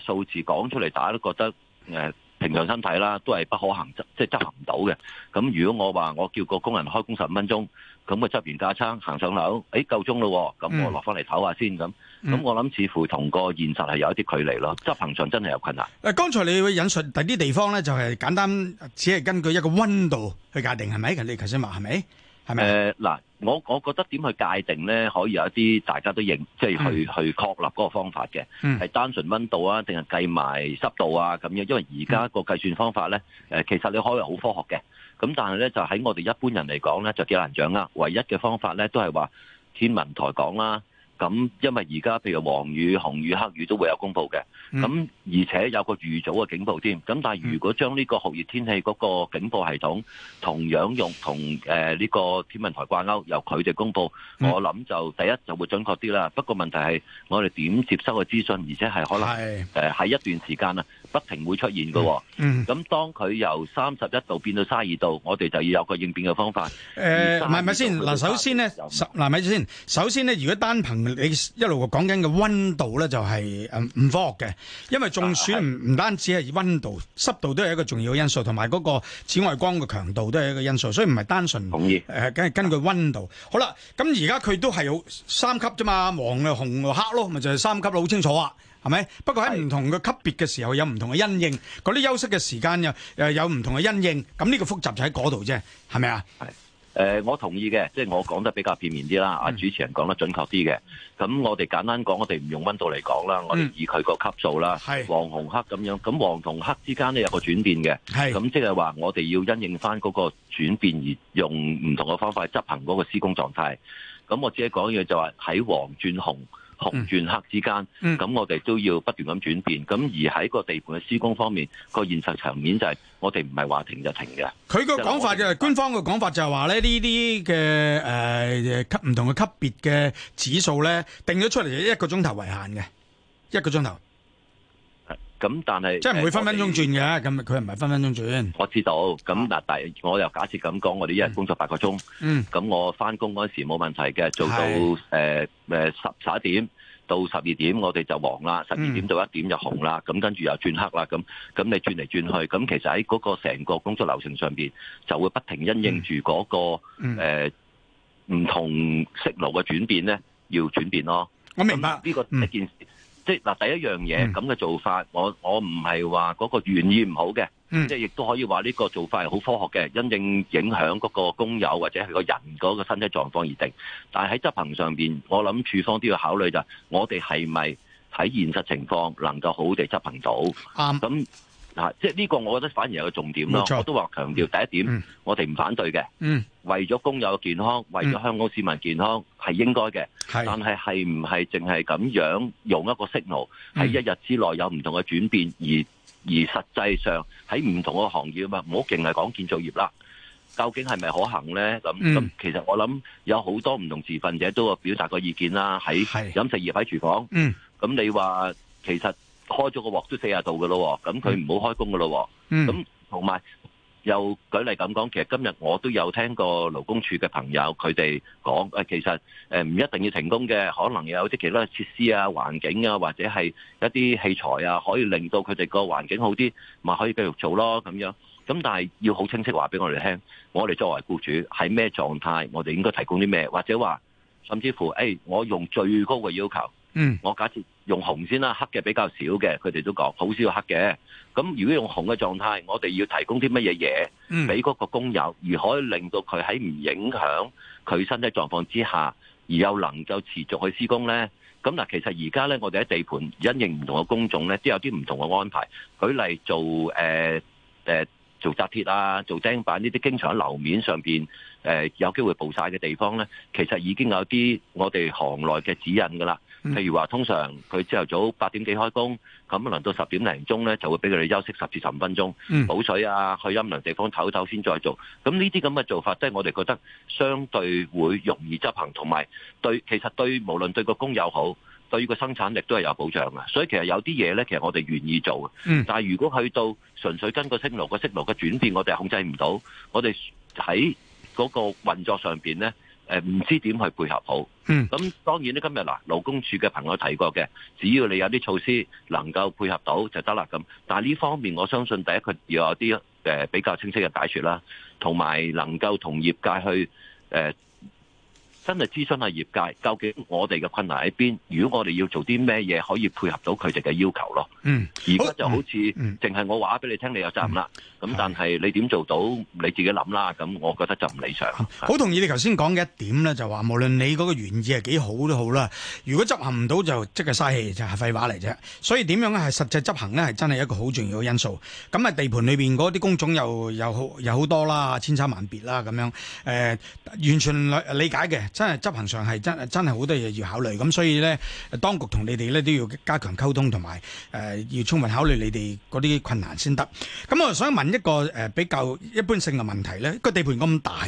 S6: 數字講出嚟，大家都覺得誒，平常身體啦，都係不可行，即係執行唔到嘅。咁如果我話我叫個工人開工十五分鐘，咁啊執完架撐行上樓，誒夠鐘咯，咁我落翻嚟唞下先咁。咁、嗯、我諗似乎同個現實係有一啲距離咯，執行上真係有困難。
S1: 剛才你會引述第啲地方咧，就係簡單只係根據一個温度去界定係咪嘅？你頭先話係咪？係咪？
S6: 嗱、呃，我我覺得點去界定咧，可以有一啲大家都認，即係去、嗯、去確立嗰個方法嘅，係、嗯、單純温度啊，定係計埋濕度啊咁樣。因為而家個計算方法咧、嗯，其實你可以好科學嘅，咁但係咧就喺我哋一般人嚟講咧，就幾難掌握。唯一嘅方法咧，都係話天文台講啦。咁，因為而家譬如黃雨、紅雨、黑雨都會有公佈嘅，咁而且有個預早嘅警報添。咁但係如果將呢個酷熱天氣嗰個警報系統同樣用同誒呢個天文台掛鈎，由佢哋公佈，我諗就第一就會準確啲啦。不過問題係我哋點接收嘅資訊，而且係可能誒喺一段時間啊。不停會出現嘅、哦，咁、嗯嗯、當佢由三十一度變到卅二度，我哋就要有個應變嘅方法。
S1: 誒、呃，係咪、呃、先？嗱，首先咧，嗱，係咪先？首先咧，如果單憑你一路講緊嘅温度咧，就係誒唔科學嘅，因為中暑唔唔單止係温度、啊、濕度都係一個重要因素，同埋嗰個紫外光嘅強度都係一個因素，所以唔係單純。同意。梗、呃、係根據温度。啊、好啦，咁而家佢都係有三級啫嘛，黃、紅、黑咯，咪就係、是、三級啦，好清楚啊！係咪？不過喺唔同嘅級別嘅時候有唔同嘅因應，嗰啲休息嘅時間又誒有唔同嘅因應，咁呢個複雜就喺嗰度啫，係咪啊？
S6: 係誒、呃，我同意嘅，即係我講得比較片面啲啦。啊、嗯，主持人講得準確啲嘅。咁我哋簡單講，我哋唔用温度嚟講啦，我哋以佢個級數啦、嗯，黃紅黑咁樣。咁黃同黑之間咧有個轉變嘅。係咁即係話，我哋要因應翻嗰個轉變而用唔同嘅方法去執行嗰個施工狀態。咁我只係講嘢就話喺黃轉紅。紅轉黑之間，咁我哋都要不斷咁轉變。咁而喺個地盤嘅施工方面，個現實層面就係我哋唔係話停就停嘅。佢個講
S1: 法嘅、就係，官方嘅講法就係話咧，呢啲嘅誒級唔同嘅級別嘅指數咧，定咗出嚟一個鐘頭為限嘅，一個鐘頭。
S6: 咁但係即係唔會分分鐘轉
S1: 嘅，咁佢唔係分分鐘轉。
S6: 我知道，咁嗱，第我又假設咁講，我哋一日工作八個鐘，咁我翻工嗰時冇問題嘅，做到誒誒十十一點到十二點，我哋就黃啦；十二點到一點就紅啦，咁跟住又轉黑啦，咁咁你轉嚟轉去，咁其實喺嗰個成個工作流程上邊就會不停因應住嗰個誒唔同色流嘅轉變咧，要轉變咯。我明白呢個一件事。即係嗱第一樣嘢咁嘅做法，我我唔係話嗰個原意唔好嘅，即係亦都可以話呢個做法係好科學嘅，因應影響個工友或者係個人嗰個身體狀況而定。但係喺執行上面，我諗處方都要考慮就係我哋係咪喺現實情況能夠好地執行到啱咁。嗱，即係呢個，我覺得反而係個重點咯。我都話強調第一點，我哋唔反對嘅。為咗工友嘅健康，為咗香港市民健康，係應該嘅。但係係唔係淨係咁樣用一個信號，喺一日之內有唔同嘅轉變，而而實際上喺唔同嘅行業啊嘛，唔好淨係講建造業啦。究竟係咪可行呢？咁咁，其實我諗有好多唔同持份者都有表達過意見啦，喺飲食業喺廚房。咁你話其實。開咗個鑊都四十度嘅咯，咁佢唔好開工嘅咯。咁同埋又舉例咁講，其實今日我都有聽過勞工處嘅朋友佢哋講，誒其實誒唔一定要停工嘅，可能有啲其他設施啊、環境啊，或者係一啲器材啊，可以令到佢哋個環境好啲，咪可以繼續做咯咁樣。咁但係要好清晰話俾我哋聽，我哋作為僱主喺咩狀態，我哋應該提供啲咩，或者話甚至乎誒、哎，我用最高嘅要求。嗯， 我假設用紅先啦，黑嘅比較少嘅，佢哋都講好少黑嘅。咁如果用紅嘅狀態，我哋要提供啲乜嘢嘢，俾嗰個工友， 而可以令到佢喺唔影響佢身體狀況之下，而又能夠持續去施工呢？咁嗱，其實而家呢，我哋喺地盤因應唔同嘅工種呢，都有啲唔同嘅安排。舉例做誒誒做扎鐵啊，做釘板呢啲，經常喺樓面上邊誒、呃、有機會暴曬嘅地方呢，其實已經有啲我哋行內嘅指引噶啦。譬、嗯、如話，通常佢朝頭早八點幾開工，咁輪到十點零鐘咧，就會俾佢哋休息十至十五分鐘，補水啊，去陰涼地方唞唞先再做。咁呢啲咁嘅做法，即係我哋覺得相對會容易執行，同埋對其實對無論對個工友好，對個生產力都係有保障嘅。所以其實有啲嘢咧，其實我哋願意做、嗯。但係如果去到純粹跟個息爐、個息爐嘅轉變我，我哋係控制唔到。我哋喺嗰個運作上邊咧。誒唔 知點去配合好，咁當然咧，今日嗱，勞工處嘅朋友提過嘅，只要你有啲措施能夠配合到就得啦，咁，但係呢方面我相信第一，佢要有啲誒比較清晰嘅解説啦，同埋能夠同業界去誒。呃真係諮詢下業界，究竟我哋嘅困難喺邊？如果我哋要做啲咩嘢可以配合到佢哋嘅要求咯。嗯，而家就好似淨係我話俾你聽，你有責任啦。咁、嗯、但係你點做到？你自己諗啦。咁我覺得就唔理想。
S1: 好、嗯、同意你頭先講嘅一點咧，就話無論你嗰個原意係幾好都好啦。如果執行唔到就即係嘥氣，就係、是、廢話嚟啫。所以點樣係實際執行咧，係真係一個好重要嘅因素。咁啊，地盤裏面嗰啲工種又有好又有好多啦，千差萬別啦咁樣。誒、呃，完全理解嘅。真係執行上係真係真係好多嘢要考慮，咁所以呢，當局同你哋呢都要加強溝通同埋、呃、要充分考慮你哋嗰啲困難先得。咁我想問一個、呃、比較一般性嘅問題，呢個地盤咁大，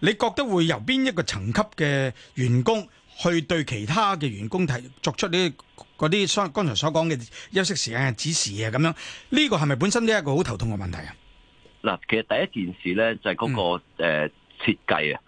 S1: 你覺得會由邊一個層級嘅員工去對其他嘅員工提作出呢嗰啲所剛才所講嘅休息時間嘅指示啊咁樣？呢、呢個係咪本身都係一個好頭痛嘅問題
S6: 啊？嗱，其實第一件事呢，就係、誒、嗰個設計啊。嗯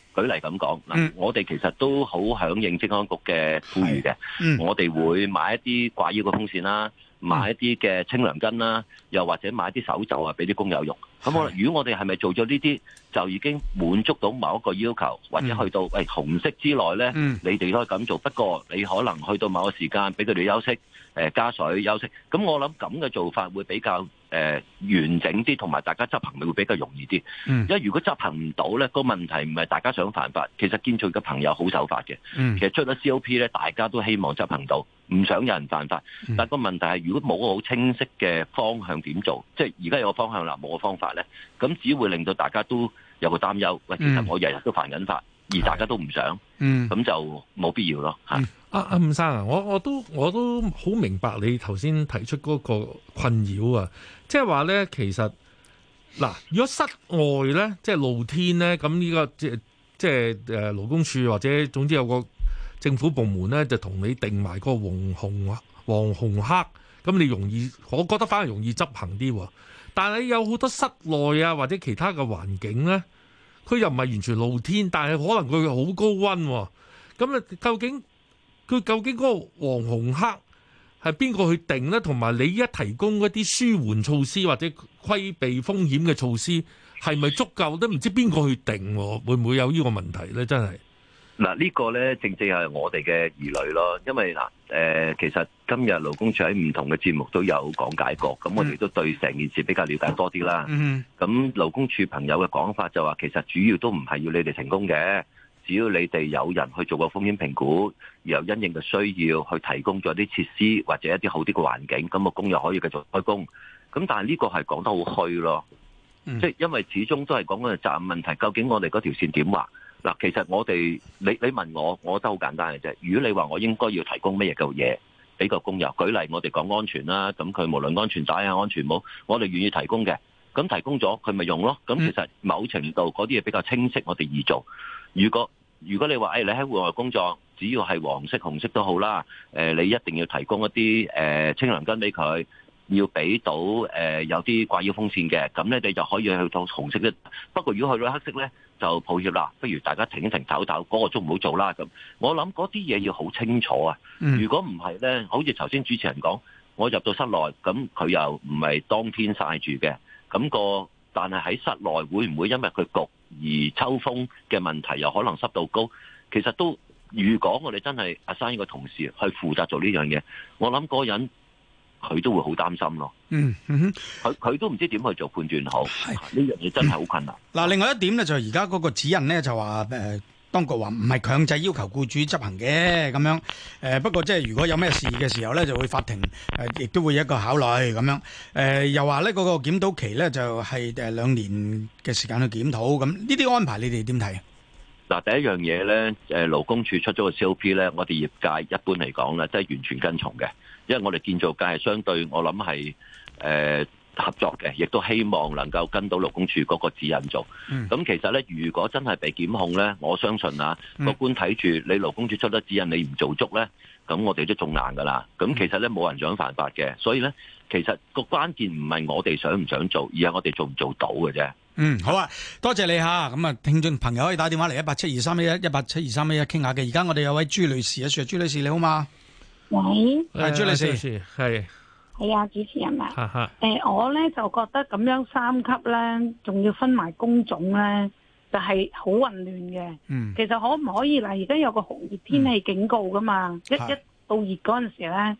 S6: 舉例咁講，嗱、嗯，我哋其實都好響應職安局嘅呼籲嘅，我哋會買一啲掛腰嘅風扇啦。買一啲嘅清涼巾啦，又或者買啲手袖啊，俾啲工友用。咁我如果我哋係咪做咗呢啲，就已經滿足到某一個要求，或者去到誒紅色之內咧，你哋都可以咁做。不過你可能去到某個時間，俾佢哋休息，誒加水休息。咁我諗咁嘅做法會比較誒完整啲，同埋大家執行咪會比較容易啲。因為如果執行唔到咧，個問題唔係大家想犯法，其實建造嘅朋友好守法嘅。其實出咗 COP 咧，大家都希望執行到。唔想有人犯法，但個問題係，如果冇個好清晰嘅方向點做，即係而家有個方向啦，冇個方法咧，咁只會令到大家都有個擔憂。喂，其實我日日都犯緊法，嗯，而大家都唔想，咁、嗯、就冇必要咯。吓、
S2: 嗯，阿阿吳生啊，生我我都我都好明白你頭先提出嗰個困擾啊，即係話咧，其實嗱、啊，如果室外咧，即係露天咧，咁呢、呢個即即係誒勞工處或者總之有個。政府部門咧就同你定埋個黃紅啊黃紅黑，咁你容易，我覺得反而容易執行啲。但係有好多室內啊或者其他嘅環境呢，佢又唔係完全露天，但係可能佢好高溫哦。咁啊，究竟佢究竟嗰個黃紅黑係邊個去定呢？同埋你一提供一啲舒緩措施或者規避風險嘅措施，係咪足夠咧？都唔知邊個去定，會唔會有呢個問題呢？真係。
S6: 嗱、這、呢個呢，正正係我哋嘅疑慮咯，因為嗱、呃、其實今日勞工處喺唔同嘅節目都有講解過，咁我哋都對成件事比較了解多啲啦。咁勞工處朋友嘅講法就話，其實主要都唔係要你哋停工嘅，只要你哋有人去做個風險評估，有因應嘅需要去提供咗啲設施或者一啲好啲嘅環境，咁個工又可以繼續開工。咁但係呢個係講得好虛咯，即因為始終都係講緊個責任問題，究竟我哋嗰條線點劃？嗱，其實我哋你你問我，我都好簡單嘅啫。如果你話我應該要提供咩嘅嘢俾個工友，舉例我哋講安全啦，咁佢無論安全帶啊、安全帽，我哋願意提供嘅。咁提供咗佢咪用咯。咁其實某程度嗰啲嘢比較清晰，我哋易做。如果如果你話，誒你喺戶外工作，只要係黃色、紅色都好啦。誒，你一定要提供一啲誒清涼巾俾佢，要俾到誒有啲掛腰風扇嘅。咁咧你就可以去到紅色咧。不過如果去到黑色咧。就抱歉啦，不如大家停一停，唞一唞，嗰個鐘唔好做啦。咁我諗嗰啲嘢要好清楚啊。如果唔係咧，好似頭先主持人講，我入到室內，咁佢又唔係當天曬住嘅，咁個但係喺室內會唔會因為佢焗而抽風嘅問題又可能濕度高？其實都如果我哋真係阿生呢個同事去負責做呢樣嘢，我諗嗰個人。佢都會好擔心咯。嗯，佢、嗯、佢都唔知點去做判斷好。係呢樣嘢真係好困難。
S1: 嗱、嗯，另外一點咧就係而家嗰個指引咧就話誒、呃，當局話唔係強制要求雇主執行嘅咁樣。誒、呃，不過即係如果有咩事嘅時候咧，就會法庭誒亦都會有一個考慮咁樣。誒、呃，又話咧嗰個檢討期咧就係誒兩年嘅時間去檢討。咁呢啲安排你哋點睇？
S6: 嗱，第一樣嘢咧，誒勞工處出咗個 COP 咧，我哋業界一般嚟講咧，即係完全跟從嘅。因為我哋建造界係相對，我諗係誒合作嘅，亦都希望能夠跟到勞工處嗰個指引做。咁、嗯、其實咧，如果真係被檢控咧，我相信啊，個官睇住你勞工處出咗指引，你唔做足咧，咁我哋都仲難噶啦。咁、嗯、其實咧，冇人想犯法嘅，所以咧，其實個關鍵唔係我哋想唔想做，而係我哋做唔做到嘅啫。
S1: 嗯，好啊，多謝你吓。咁啊，聽眾朋友可以打電話嚟，一八七二三一一一八七二三一一傾下嘅。而家我哋有位朱女士啊，Sir，朱女士你好嘛？喂，係朱麗斯，係
S7: 係啊，主持人啊，誒，我咧就覺得咁樣三級咧，仲要分埋工種咧，就係好混亂嘅。嗯，其實可唔可以嗱？而家有個酷熱天氣警告噶嘛，一一到熱嗰陣時咧，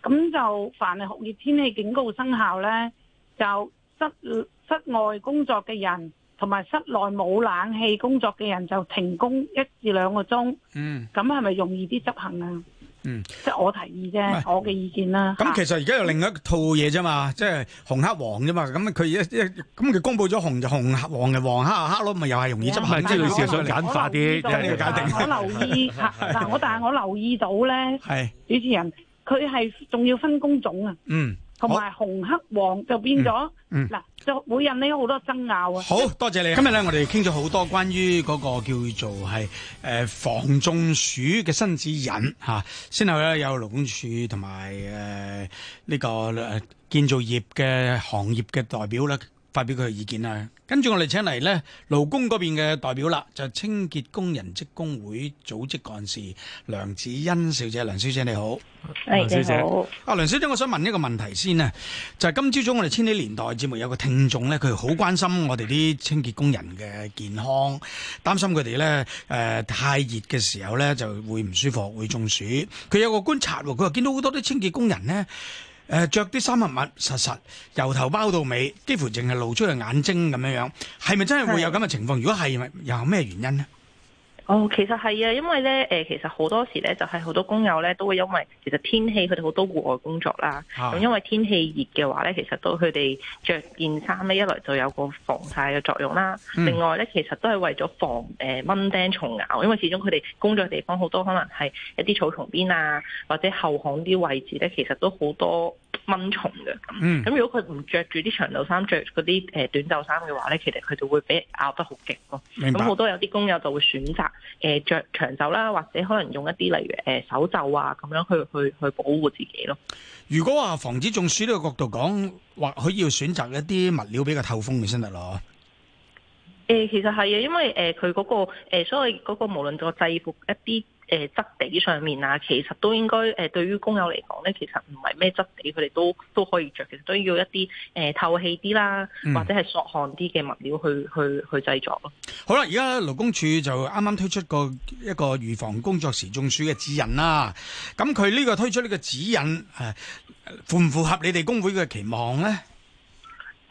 S7: 咁就凡係酷熱天氣警告生效咧，就室室外工作嘅人同埋室內冇冷氣工作嘅人就停工一至兩個鐘。嗯，咁係咪容易啲執行啊？嗯，即係我提議啫我嘅意見啦。咁、嗯、其
S1: 實而家有另一套嘢啫嘛，即係紅黑黃啫嘛。咁佢一一咁佢公布咗紅就紅，黃嘅黃，黑黑咯，咪又係容易執埋之類嘅事，所以簡化啲，一目了然。我留意
S7: 嗱，我但係我留意到咧，係主持人佢係仲要分工種啊，嗯，同埋紅黑黃就變咗，嗱、嗯。嗯就會引起好
S1: 多爭拗啊！好多謝你，今日咧我哋傾咗好多關於嗰個叫做係誒防中暑嘅新指引吓，啊，先後咧有勞工處同埋誒呢個誒建造業嘅行業嘅代表啦。發表佢嘅意見啦，跟住我哋請嚟呢勞工嗰邊嘅代表啦，就清潔工人職工會組織幹事梁芷茵小姐，梁小姐你好，梁小姐，梁小姐好。梁小姐，我想問一個問題先啊，就係、是、今朝早我哋千禧年代節目有個聽眾呢，佢好關心我哋啲清潔工人嘅健康，擔心佢哋呢誒、呃、太熱嘅時候呢就會唔舒服，會中暑。佢有個觀察，佢話見到好多啲清潔工人呢。誒著啲衫密密實實，由頭包到尾，幾乎淨係露出隻眼睛咁樣樣，係咪真係會有咁嘅情況？如果係，又有咩原因咧？
S7: 哦，其實係啊，因為咧，其實好多時咧，就係好多工友咧都會因為其實天氣，佢哋好多戶外工作啦。咁、啊、因為天氣熱嘅話咧，其實都佢哋着件衫咧，一來就有個防曬嘅作用啦、嗯。另外咧，其實都係為咗防誒、呃、蚊叮蟲咬，因為始終佢哋工作地方好多可能係一啲草叢邊啊，或者後巷啲位置咧、嗯，其實都好多蚊蟲嘅。咁如果佢唔着住啲長袖衫，着嗰啲誒短袖衫嘅話咧，其實佢就會俾咬得好勁咯。明白。咁好多有啲工友就會選擇。誒、呃，着長袖啦，或者可能用一啲例如誒、呃、手袖啊，咁
S1: 樣去去去保護自己咯。如果話防止中暑呢個角度講，或許要選擇一啲物料比較透風嘅先得咯。
S7: 誒、呃，其實係啊，因為誒佢嗰個誒、呃，所以嗰個無論個制服一啲。誒、呃、質地上面啊，其實都應該誒、呃、對於工友嚟講咧，其實唔係咩質地，佢哋都都可以着。其實都要一啲誒、呃、透氣啲啦，或者係索汗啲嘅物料去去去製作咯、嗯。
S1: 好啦，而家勞工處就啱啱推出個一個預防工作時中暑嘅指引啦。咁佢呢個推出呢個指引誒、呃，符唔符合你哋工會嘅期望咧？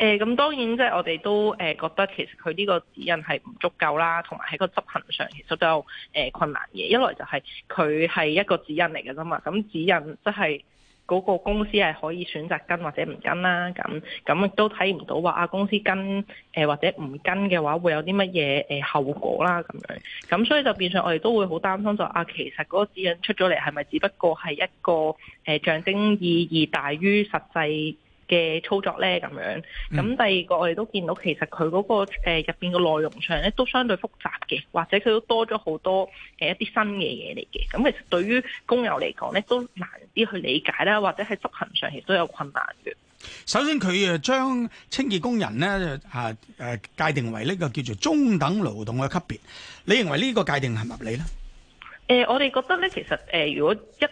S7: 誒、呃、咁當然即係我哋都誒覺得其實佢呢個指引係唔足夠啦，同埋喺個執行上其實都有誒困難嘅。一來就係佢係一個指引嚟嘅啫嘛，咁指引即係嗰個公司係可以選擇跟或者唔跟啦。咁咁亦都睇唔到話啊公司跟誒、呃、或者唔跟嘅話會有啲乜嘢誒後果啦咁樣。咁所以就變相我哋都會好擔心就是、啊，其實嗰個指引出咗嚟係咪只不過係一個誒、呃、象徵意義大於實際？嘅操作咧咁樣，咁第二個我哋都見到其實佢嗰個入面嘅內容上咧都相對複雜嘅，或者佢都多咗好多嘅一啲新嘅嘢嚟嘅。咁其實對於工友嚟講咧，都難啲去理解啦，或者喺執行上亦都有困難嘅。
S1: 首先佢將清潔工人咧，啊界定為呢個叫做中等勞動嘅級別，你認為呢個界定係唔合理咧？
S7: 誒、呃，我哋覺得咧，其實誒、呃，如果一概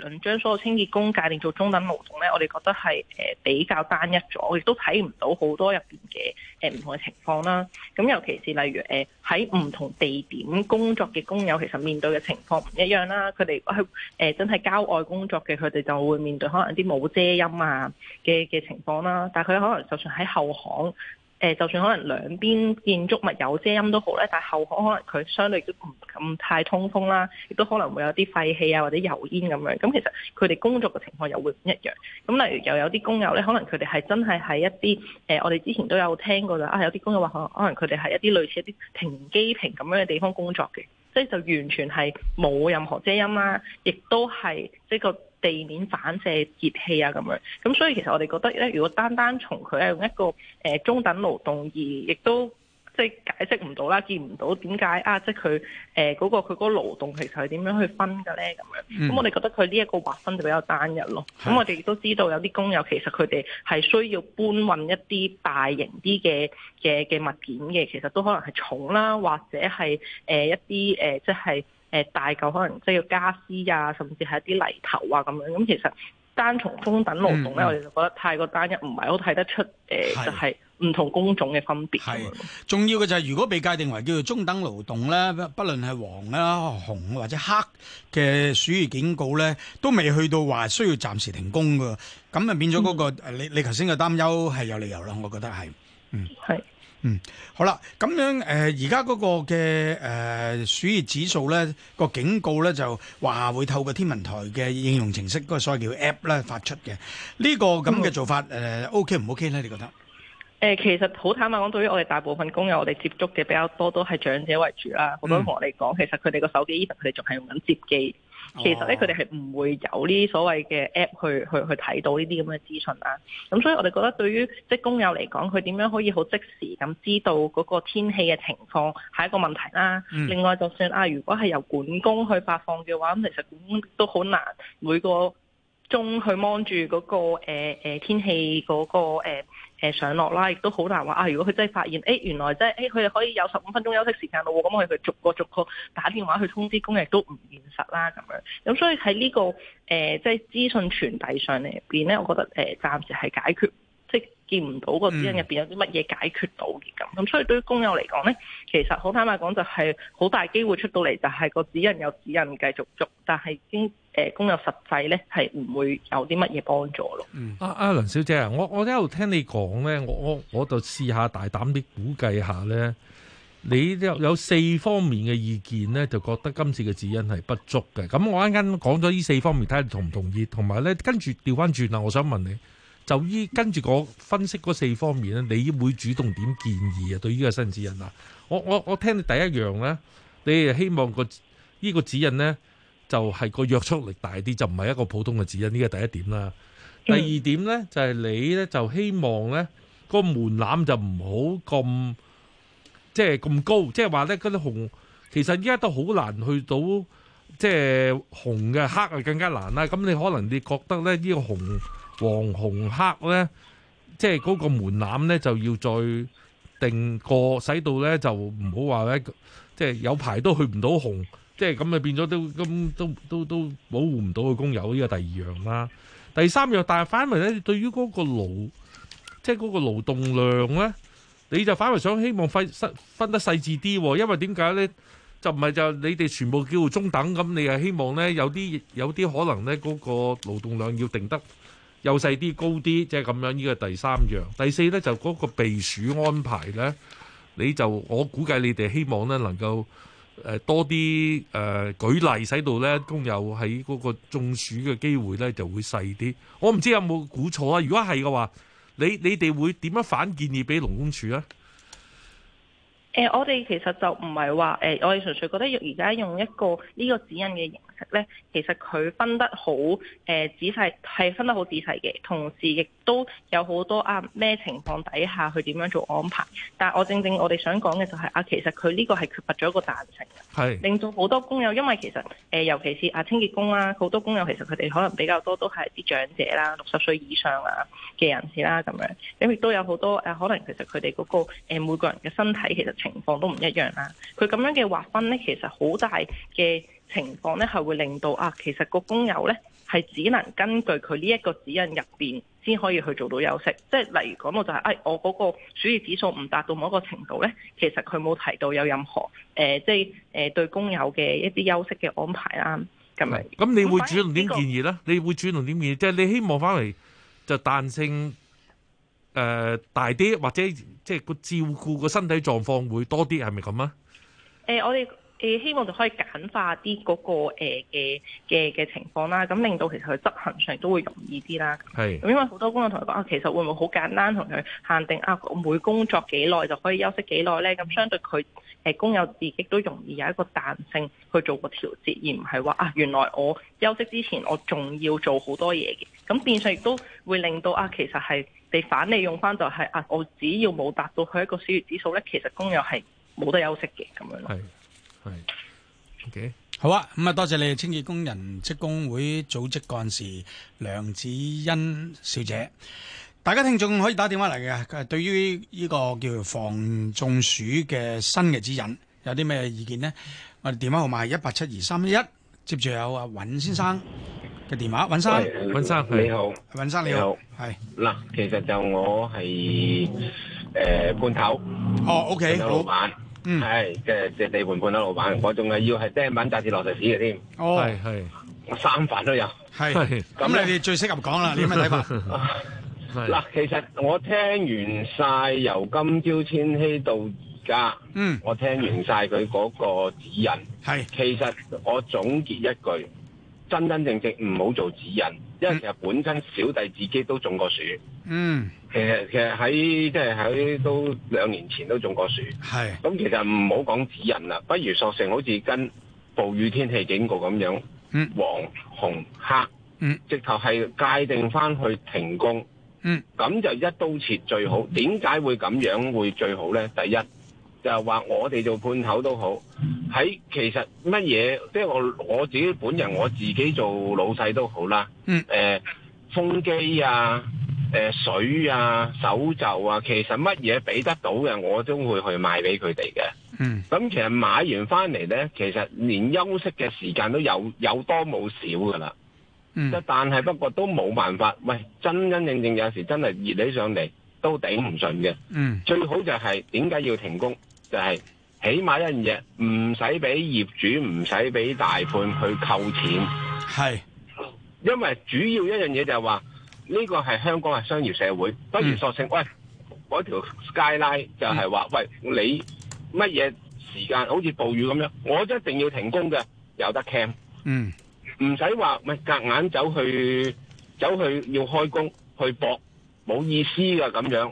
S7: 而論將所有清潔工界定做中等勞動咧，我哋覺得係誒、呃、比較單一咗，亦都睇唔到好多入邊嘅誒唔同嘅情況啦。咁、呃、尤其是例如誒喺唔同地點工作嘅工友，其實面對嘅情況唔一樣啦。佢哋喺誒真係郊外工作嘅，佢哋就會面對可能啲冇遮陰啊嘅嘅情況啦。但係佢可能就算喺後巷。誒，就算可能兩邊建築物有遮陰都好咧，但後巷可能佢相對都唔咁太通風啦，亦都可能會有啲廢氣啊或者油煙咁樣。咁其實佢哋工作嘅情況又會唔一樣。咁例如又有啲工友咧，可能佢哋係真係喺一啲誒，我哋之前都有聽過啦啊，有啲工友話可可能佢哋係一啲類似一啲停機坪咁樣嘅地方工作嘅，即係就完全係冇任何遮陰啦，亦都係即係個地面反射熱氣啊咁樣，咁所以其實我哋覺得咧，如果單單從佢係用一個誒、呃、中等勞動而，亦都即係解釋唔到啦，見唔到點解啊，即係佢誒嗰個佢嗰個勞動其實係點樣去分嘅咧咁樣。咁我哋覺得佢呢一個劃分就比較單一咯。咁我哋亦都知道有啲工友其實佢哋係需要搬運一啲大型啲嘅嘅嘅物件嘅，其實都可能係重啦，或者係、呃、一啲即係。呃、即係呃、大舊可能即係個傢俬啊，甚至係一啲泥頭啊咁樣。咁其實單從中等勞動咧、嗯，我哋就覺得太過單一，唔係好睇得出、呃、是就係、是、唔同工種嘅分別。
S1: 重要嘅就係、是，如果被界定為叫做中等勞動咧，不論論係黃、啊、紅紅、啊、或者黑嘅暑熱警告咧，都未去到話需要暫時停工㗎。咁啊變咗嗰、那個、嗯、你你頭先嘅擔憂係有理由啦，我覺得係嗯。
S4: 係。
S1: 嗯，好啦，咁樣誒，而家嗰個嘅誒暑熱指數咧，那個警告咧就話會透過天文台嘅應用程式嗰、那個所謂叫 App 咧發出嘅，呢、這個咁嘅做法誒，O K 唔 O K 咧？你覺得？
S7: 誒、呃，其實好坦白講，對於我哋大部分工友，我哋接觸嘅比較多都係長者為主啦。好多同學嚟講，其實佢哋個手機 even 佢哋仲係用緊摺機。其實咧，佢哋係唔會有呢啲所謂嘅 app 去去去睇到呢啲咁嘅資訊啦。咁所以我哋覺得對於職工友嚟講，佢點樣可以好即時咁知道嗰個天氣嘅情況係一個問題啦。嗯、另外，就算啊，如果係由管工去發放嘅話，咁其實管工都好難每個鐘去望住嗰個誒、呃、天氣嗰、嗰個、呃誒上落啦，亦都好難話啊！如果佢真係發現，誒、欸、原來即係佢哋可以有十五分鐘休息時間咯，咁我哋佢逐個逐個打電話去通知工人，都唔現實啦，咁樣，咁所以喺呢、這個誒、呃、即係資訊傳遞上嚟入邊咧，我覺得誒、呃、暫時係解決，即係見唔到個指引入面有啲乜嘢解決到嘅咁。咁、嗯、所以對於工友嚟講咧，其實好坦白講，就係好大機會出到嚟就係個指引有指引繼續續，但係誒，公有實際咧，係唔會有啲乜嘢幫助
S2: 咯、嗯啊。嗯，阿阿梁小姐啊，我我一路聽你講咧，我我我就試下大膽啲估計下咧，你有有四方面嘅意見咧，就覺得今次嘅指引係不足嘅。咁我啱啱講咗呢四方面，睇下你同唔同意。同埋咧，跟住調翻轉啊，我想問你，就依跟住我分析嗰四方面咧，你會主動點建議啊？對於個新指引啊，我我我聽你第一樣咧，你希望個呢個指引咧？就係、是、個約束力大啲，就唔係一個普通嘅指引，呢個第一點啦。第二點呢，就係、是、你呢，就希望呢、那個門檻就唔好咁即係咁高，即係話呢，嗰啲紅其實依家都好難去到，即、就、係、是、紅嘅黑啊更加難啦。咁你可能你覺得呢、這個紅黃紅黑呢，即係嗰個門檻呢，就要再定過，使到呢，就唔好話呢，即、就、係、是、有排都去唔到紅。即係咁咪變咗都咁都都都保護唔到個工友，呢個第二樣啦，第三樣，但係反為咧對於嗰個勞，即係嗰個勞動量咧，你就反為想希望分分得細緻啲，因為點解咧就唔係就你哋全部叫做中等咁，你係希望咧有啲有啲可能咧嗰個勞動量要定得又細啲高啲，即係咁樣呢個第三樣。第四咧就嗰個避暑安排咧，你就我估計你哋希望咧能夠。誒，多啲誒，舉例使到咧工友喺嗰個中暑嘅機會咧就會細啲。我唔知有冇估錯啊？如果係嘅話，你你哋會點樣反建議俾勞工處咧？
S7: 誒、呃，我哋其實就唔係話誒，我哋純粹覺得而家用一個呢個指引嘅。咧，其實佢分得好誒、呃、仔細，係分得好仔細嘅。同時亦都有好多啊咩情況底下去點樣做安排。但係我正正我哋想講嘅就係、是、啊，其實佢呢個係缺乏咗一個彈性嘅，係令到好多工友因為其實誒、呃，尤其是啊清潔工啦、啊，好多工友其實佢哋可能比較多都係啲長者啦、啊，六十歲以上啊嘅人士啦、啊、咁樣。咁亦都有好多誒、啊，可能其實佢哋嗰個、呃、每個人嘅身體其實情況都唔一樣啦、啊。佢咁樣嘅劃分咧，其實好大嘅。情況咧，係會令到啊，其實個工友咧，係只能根據佢呢一個指引入邊，先可以去做到休息。即、就、係、是、例如講、就是哎，我就係誒，我嗰個主要指數唔達到某一個程度咧，其實佢冇提到有任何誒，即係誒對工友嘅一啲休息嘅安排啦。咁咪咁，你會主換點建
S2: 議咧？你會主換點建議？即、就、係、是、你希望翻嚟就彈性誒、呃、大啲，或者即係個照顧個身體狀況會多啲，係咪咁啊？誒、
S7: 呃，我哋。希望就可以簡化啲嗰個誒嘅嘅嘅情況啦，咁令到其實佢執行上也都會容易啲啦。咁因為好多工友同佢講啊，其實會唔會好簡單同佢限定啊？我每工作幾耐就可以休息幾耐咧？咁相對佢誒、呃、工友自己都容易有一個彈性去做個調節，而唔係話啊，原來我休息之前我仲要做好多嘢嘅，咁變相亦都會令到啊，其實係被反利用返就係、是、啊，我只要冇達到佢一個暑熱指數咧，其實工友係冇得休息嘅咁樣
S1: 咯。係，OK，好啊！咁啊，多謝你哋清潔工人職工會組織幹事梁芷茵小姐。大家聽眾可以打電話嚟嘅，對於呢個叫做防中暑嘅新嘅指引，有啲咩意見呢？我哋電話號碼係一八七二三一一。接住有阿尹先生嘅電話。尹生，尹生你好，尹生你好，係
S8: 嗱，其實就我係誒判頭，嗯、哦，OK，老闆。嗯，係，即係即地盤盤啦，老闆，我仲係要係釘板紮鐵落地屎嘅添，係、哦、係，我三份都有，
S1: 係，咁你哋最適合講啦，你有咩睇法？
S8: 嗱， 其實我聽完晒由今朝千禧到而家，嗯，我聽完晒佢嗰個指引，係，其實我總結一句。真真正正唔好做指引，因為其實本身小弟自己都中過暑，
S4: 嗯，
S8: 其實其實喺即係喺都兩年前都中過暑，係，咁其實唔好講指引啦，不如索性好似跟暴雨天氣警告咁樣，嗯，黃紅黑，嗯，直頭係界定翻去停工，嗯，咁就一刀切最好。點解會咁樣會最好咧？第一。就話我哋做判頭都好，喺、嗯、其實乜嘢，即係我我自己本人我自己做老細都好啦。嗯。誒、呃、風機啊、呃，水啊，手袖啊，其實乜嘢俾得到嘅，我都會去買俾佢哋嘅。嗯。咁其實買完返嚟咧，其實連休息嘅時間都有有多冇少㗎喇。
S4: 嗯。
S8: 但係不過都冇辦法，喂，真真正正有時真係熱起上嚟都頂唔順嘅。嗯。最好就係點解要停工？就係起碼一樣嘢，唔使俾業主，唔使俾大判去扣錢。係，因為主要一樣嘢就係話，呢個係香港係商業社會，不如索性喂嗰條街拉就係話，喂你乜嘢時間，好似暴雨咁樣，我一定要停工嘅，有得 can。嗯，唔使話，咪隔硬走去走去要開工去搏，冇意思噶咁樣。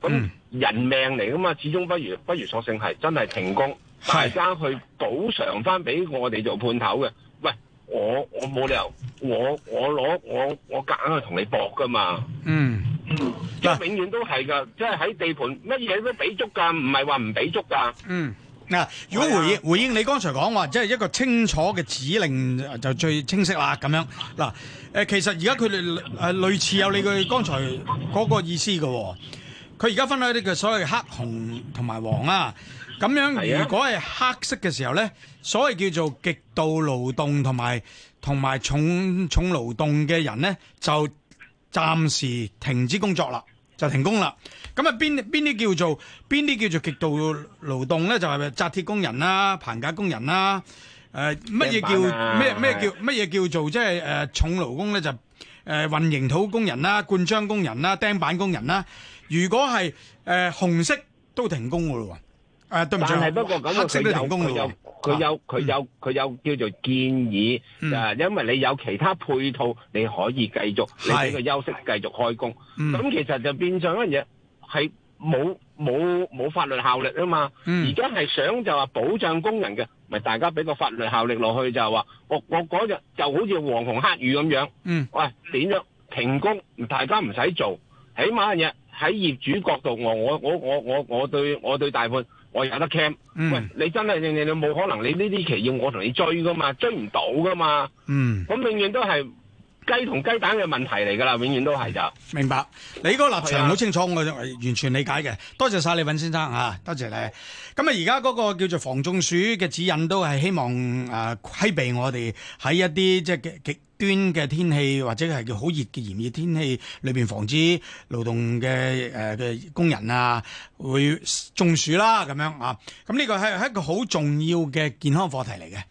S8: 咁、嗯、人命嚟噶嘛，始終不如不如索性係真係停工，大家去補償翻俾我哋做判頭嘅。喂，我我冇理由，我我攞我我夾硬去同你搏噶嘛。嗯，嗯永遠都係噶，即係喺地盤乜嘢都俾足噶，唔係話唔俾足噶。嗯
S1: 嗱，如果回應回應你剛才講話，即係一個清楚嘅指令就最清晰啦。咁樣嗱，誒其實而家佢哋誒類似有你嘅剛才嗰個意思嘅喎。佢而家分開啲嘅所謂黑、紅同埋黃啊，咁樣如果係黑色嘅時候咧、啊，所謂叫做極度勞動同埋同埋重重勞動嘅人咧，就暫時停止工作啦，就停工啦。咁啊，邊啲叫做邊啲叫做極度勞動咧？就係、咪、紮鐵工人啦、啊、棚架工人啦、啊、誒乜嘢叫咩咩叫乜嘢叫,叫做即係誒重勞工咧？就誒、是呃、運營土工人啦、啊、灌漿工人啦、啊、釘板工人啦、啊。如果係誒紅色都停工嘅咯喎，誒對唔住，但係不過咁黑色都停工，佢有佢有佢有
S8: 佢有叫做建議，就係因為你有其他配套，你可以繼續你俾佢休息，繼續開工。咁其實就變相一樣嘢係冇冇冇法律效力啊嘛。而家係想就話保障工人嘅，咪大家俾個法律效力落去，就係話我我嗰日就好似黃紅黑雨咁樣，嗯，喂點樣停工？大家唔使做，起碼一樣。喺業主角度，我我我我我我對我對大判，我有得 c a、嗯、喂，你真係你你你冇可能，你呢啲期要我同你追㗎嘛？追唔到㗎嘛？嗯，咁永遠都係雞同雞蛋嘅問題嚟㗎喇，永遠都係
S1: 就明白。你個立場好清楚，啊、我完全理解嘅。多謝晒李敏先生嚇，多謝你。咁啊，而家嗰個叫做防中暑嘅指引都係希望誒、呃、規避我哋喺一啲即係端嘅天氣或者係叫好熱嘅炎熱天氣裏邊，防止勞動嘅誒嘅工人啊，會中暑啦咁樣啊，咁呢個係係一個好重要嘅健康課題嚟嘅。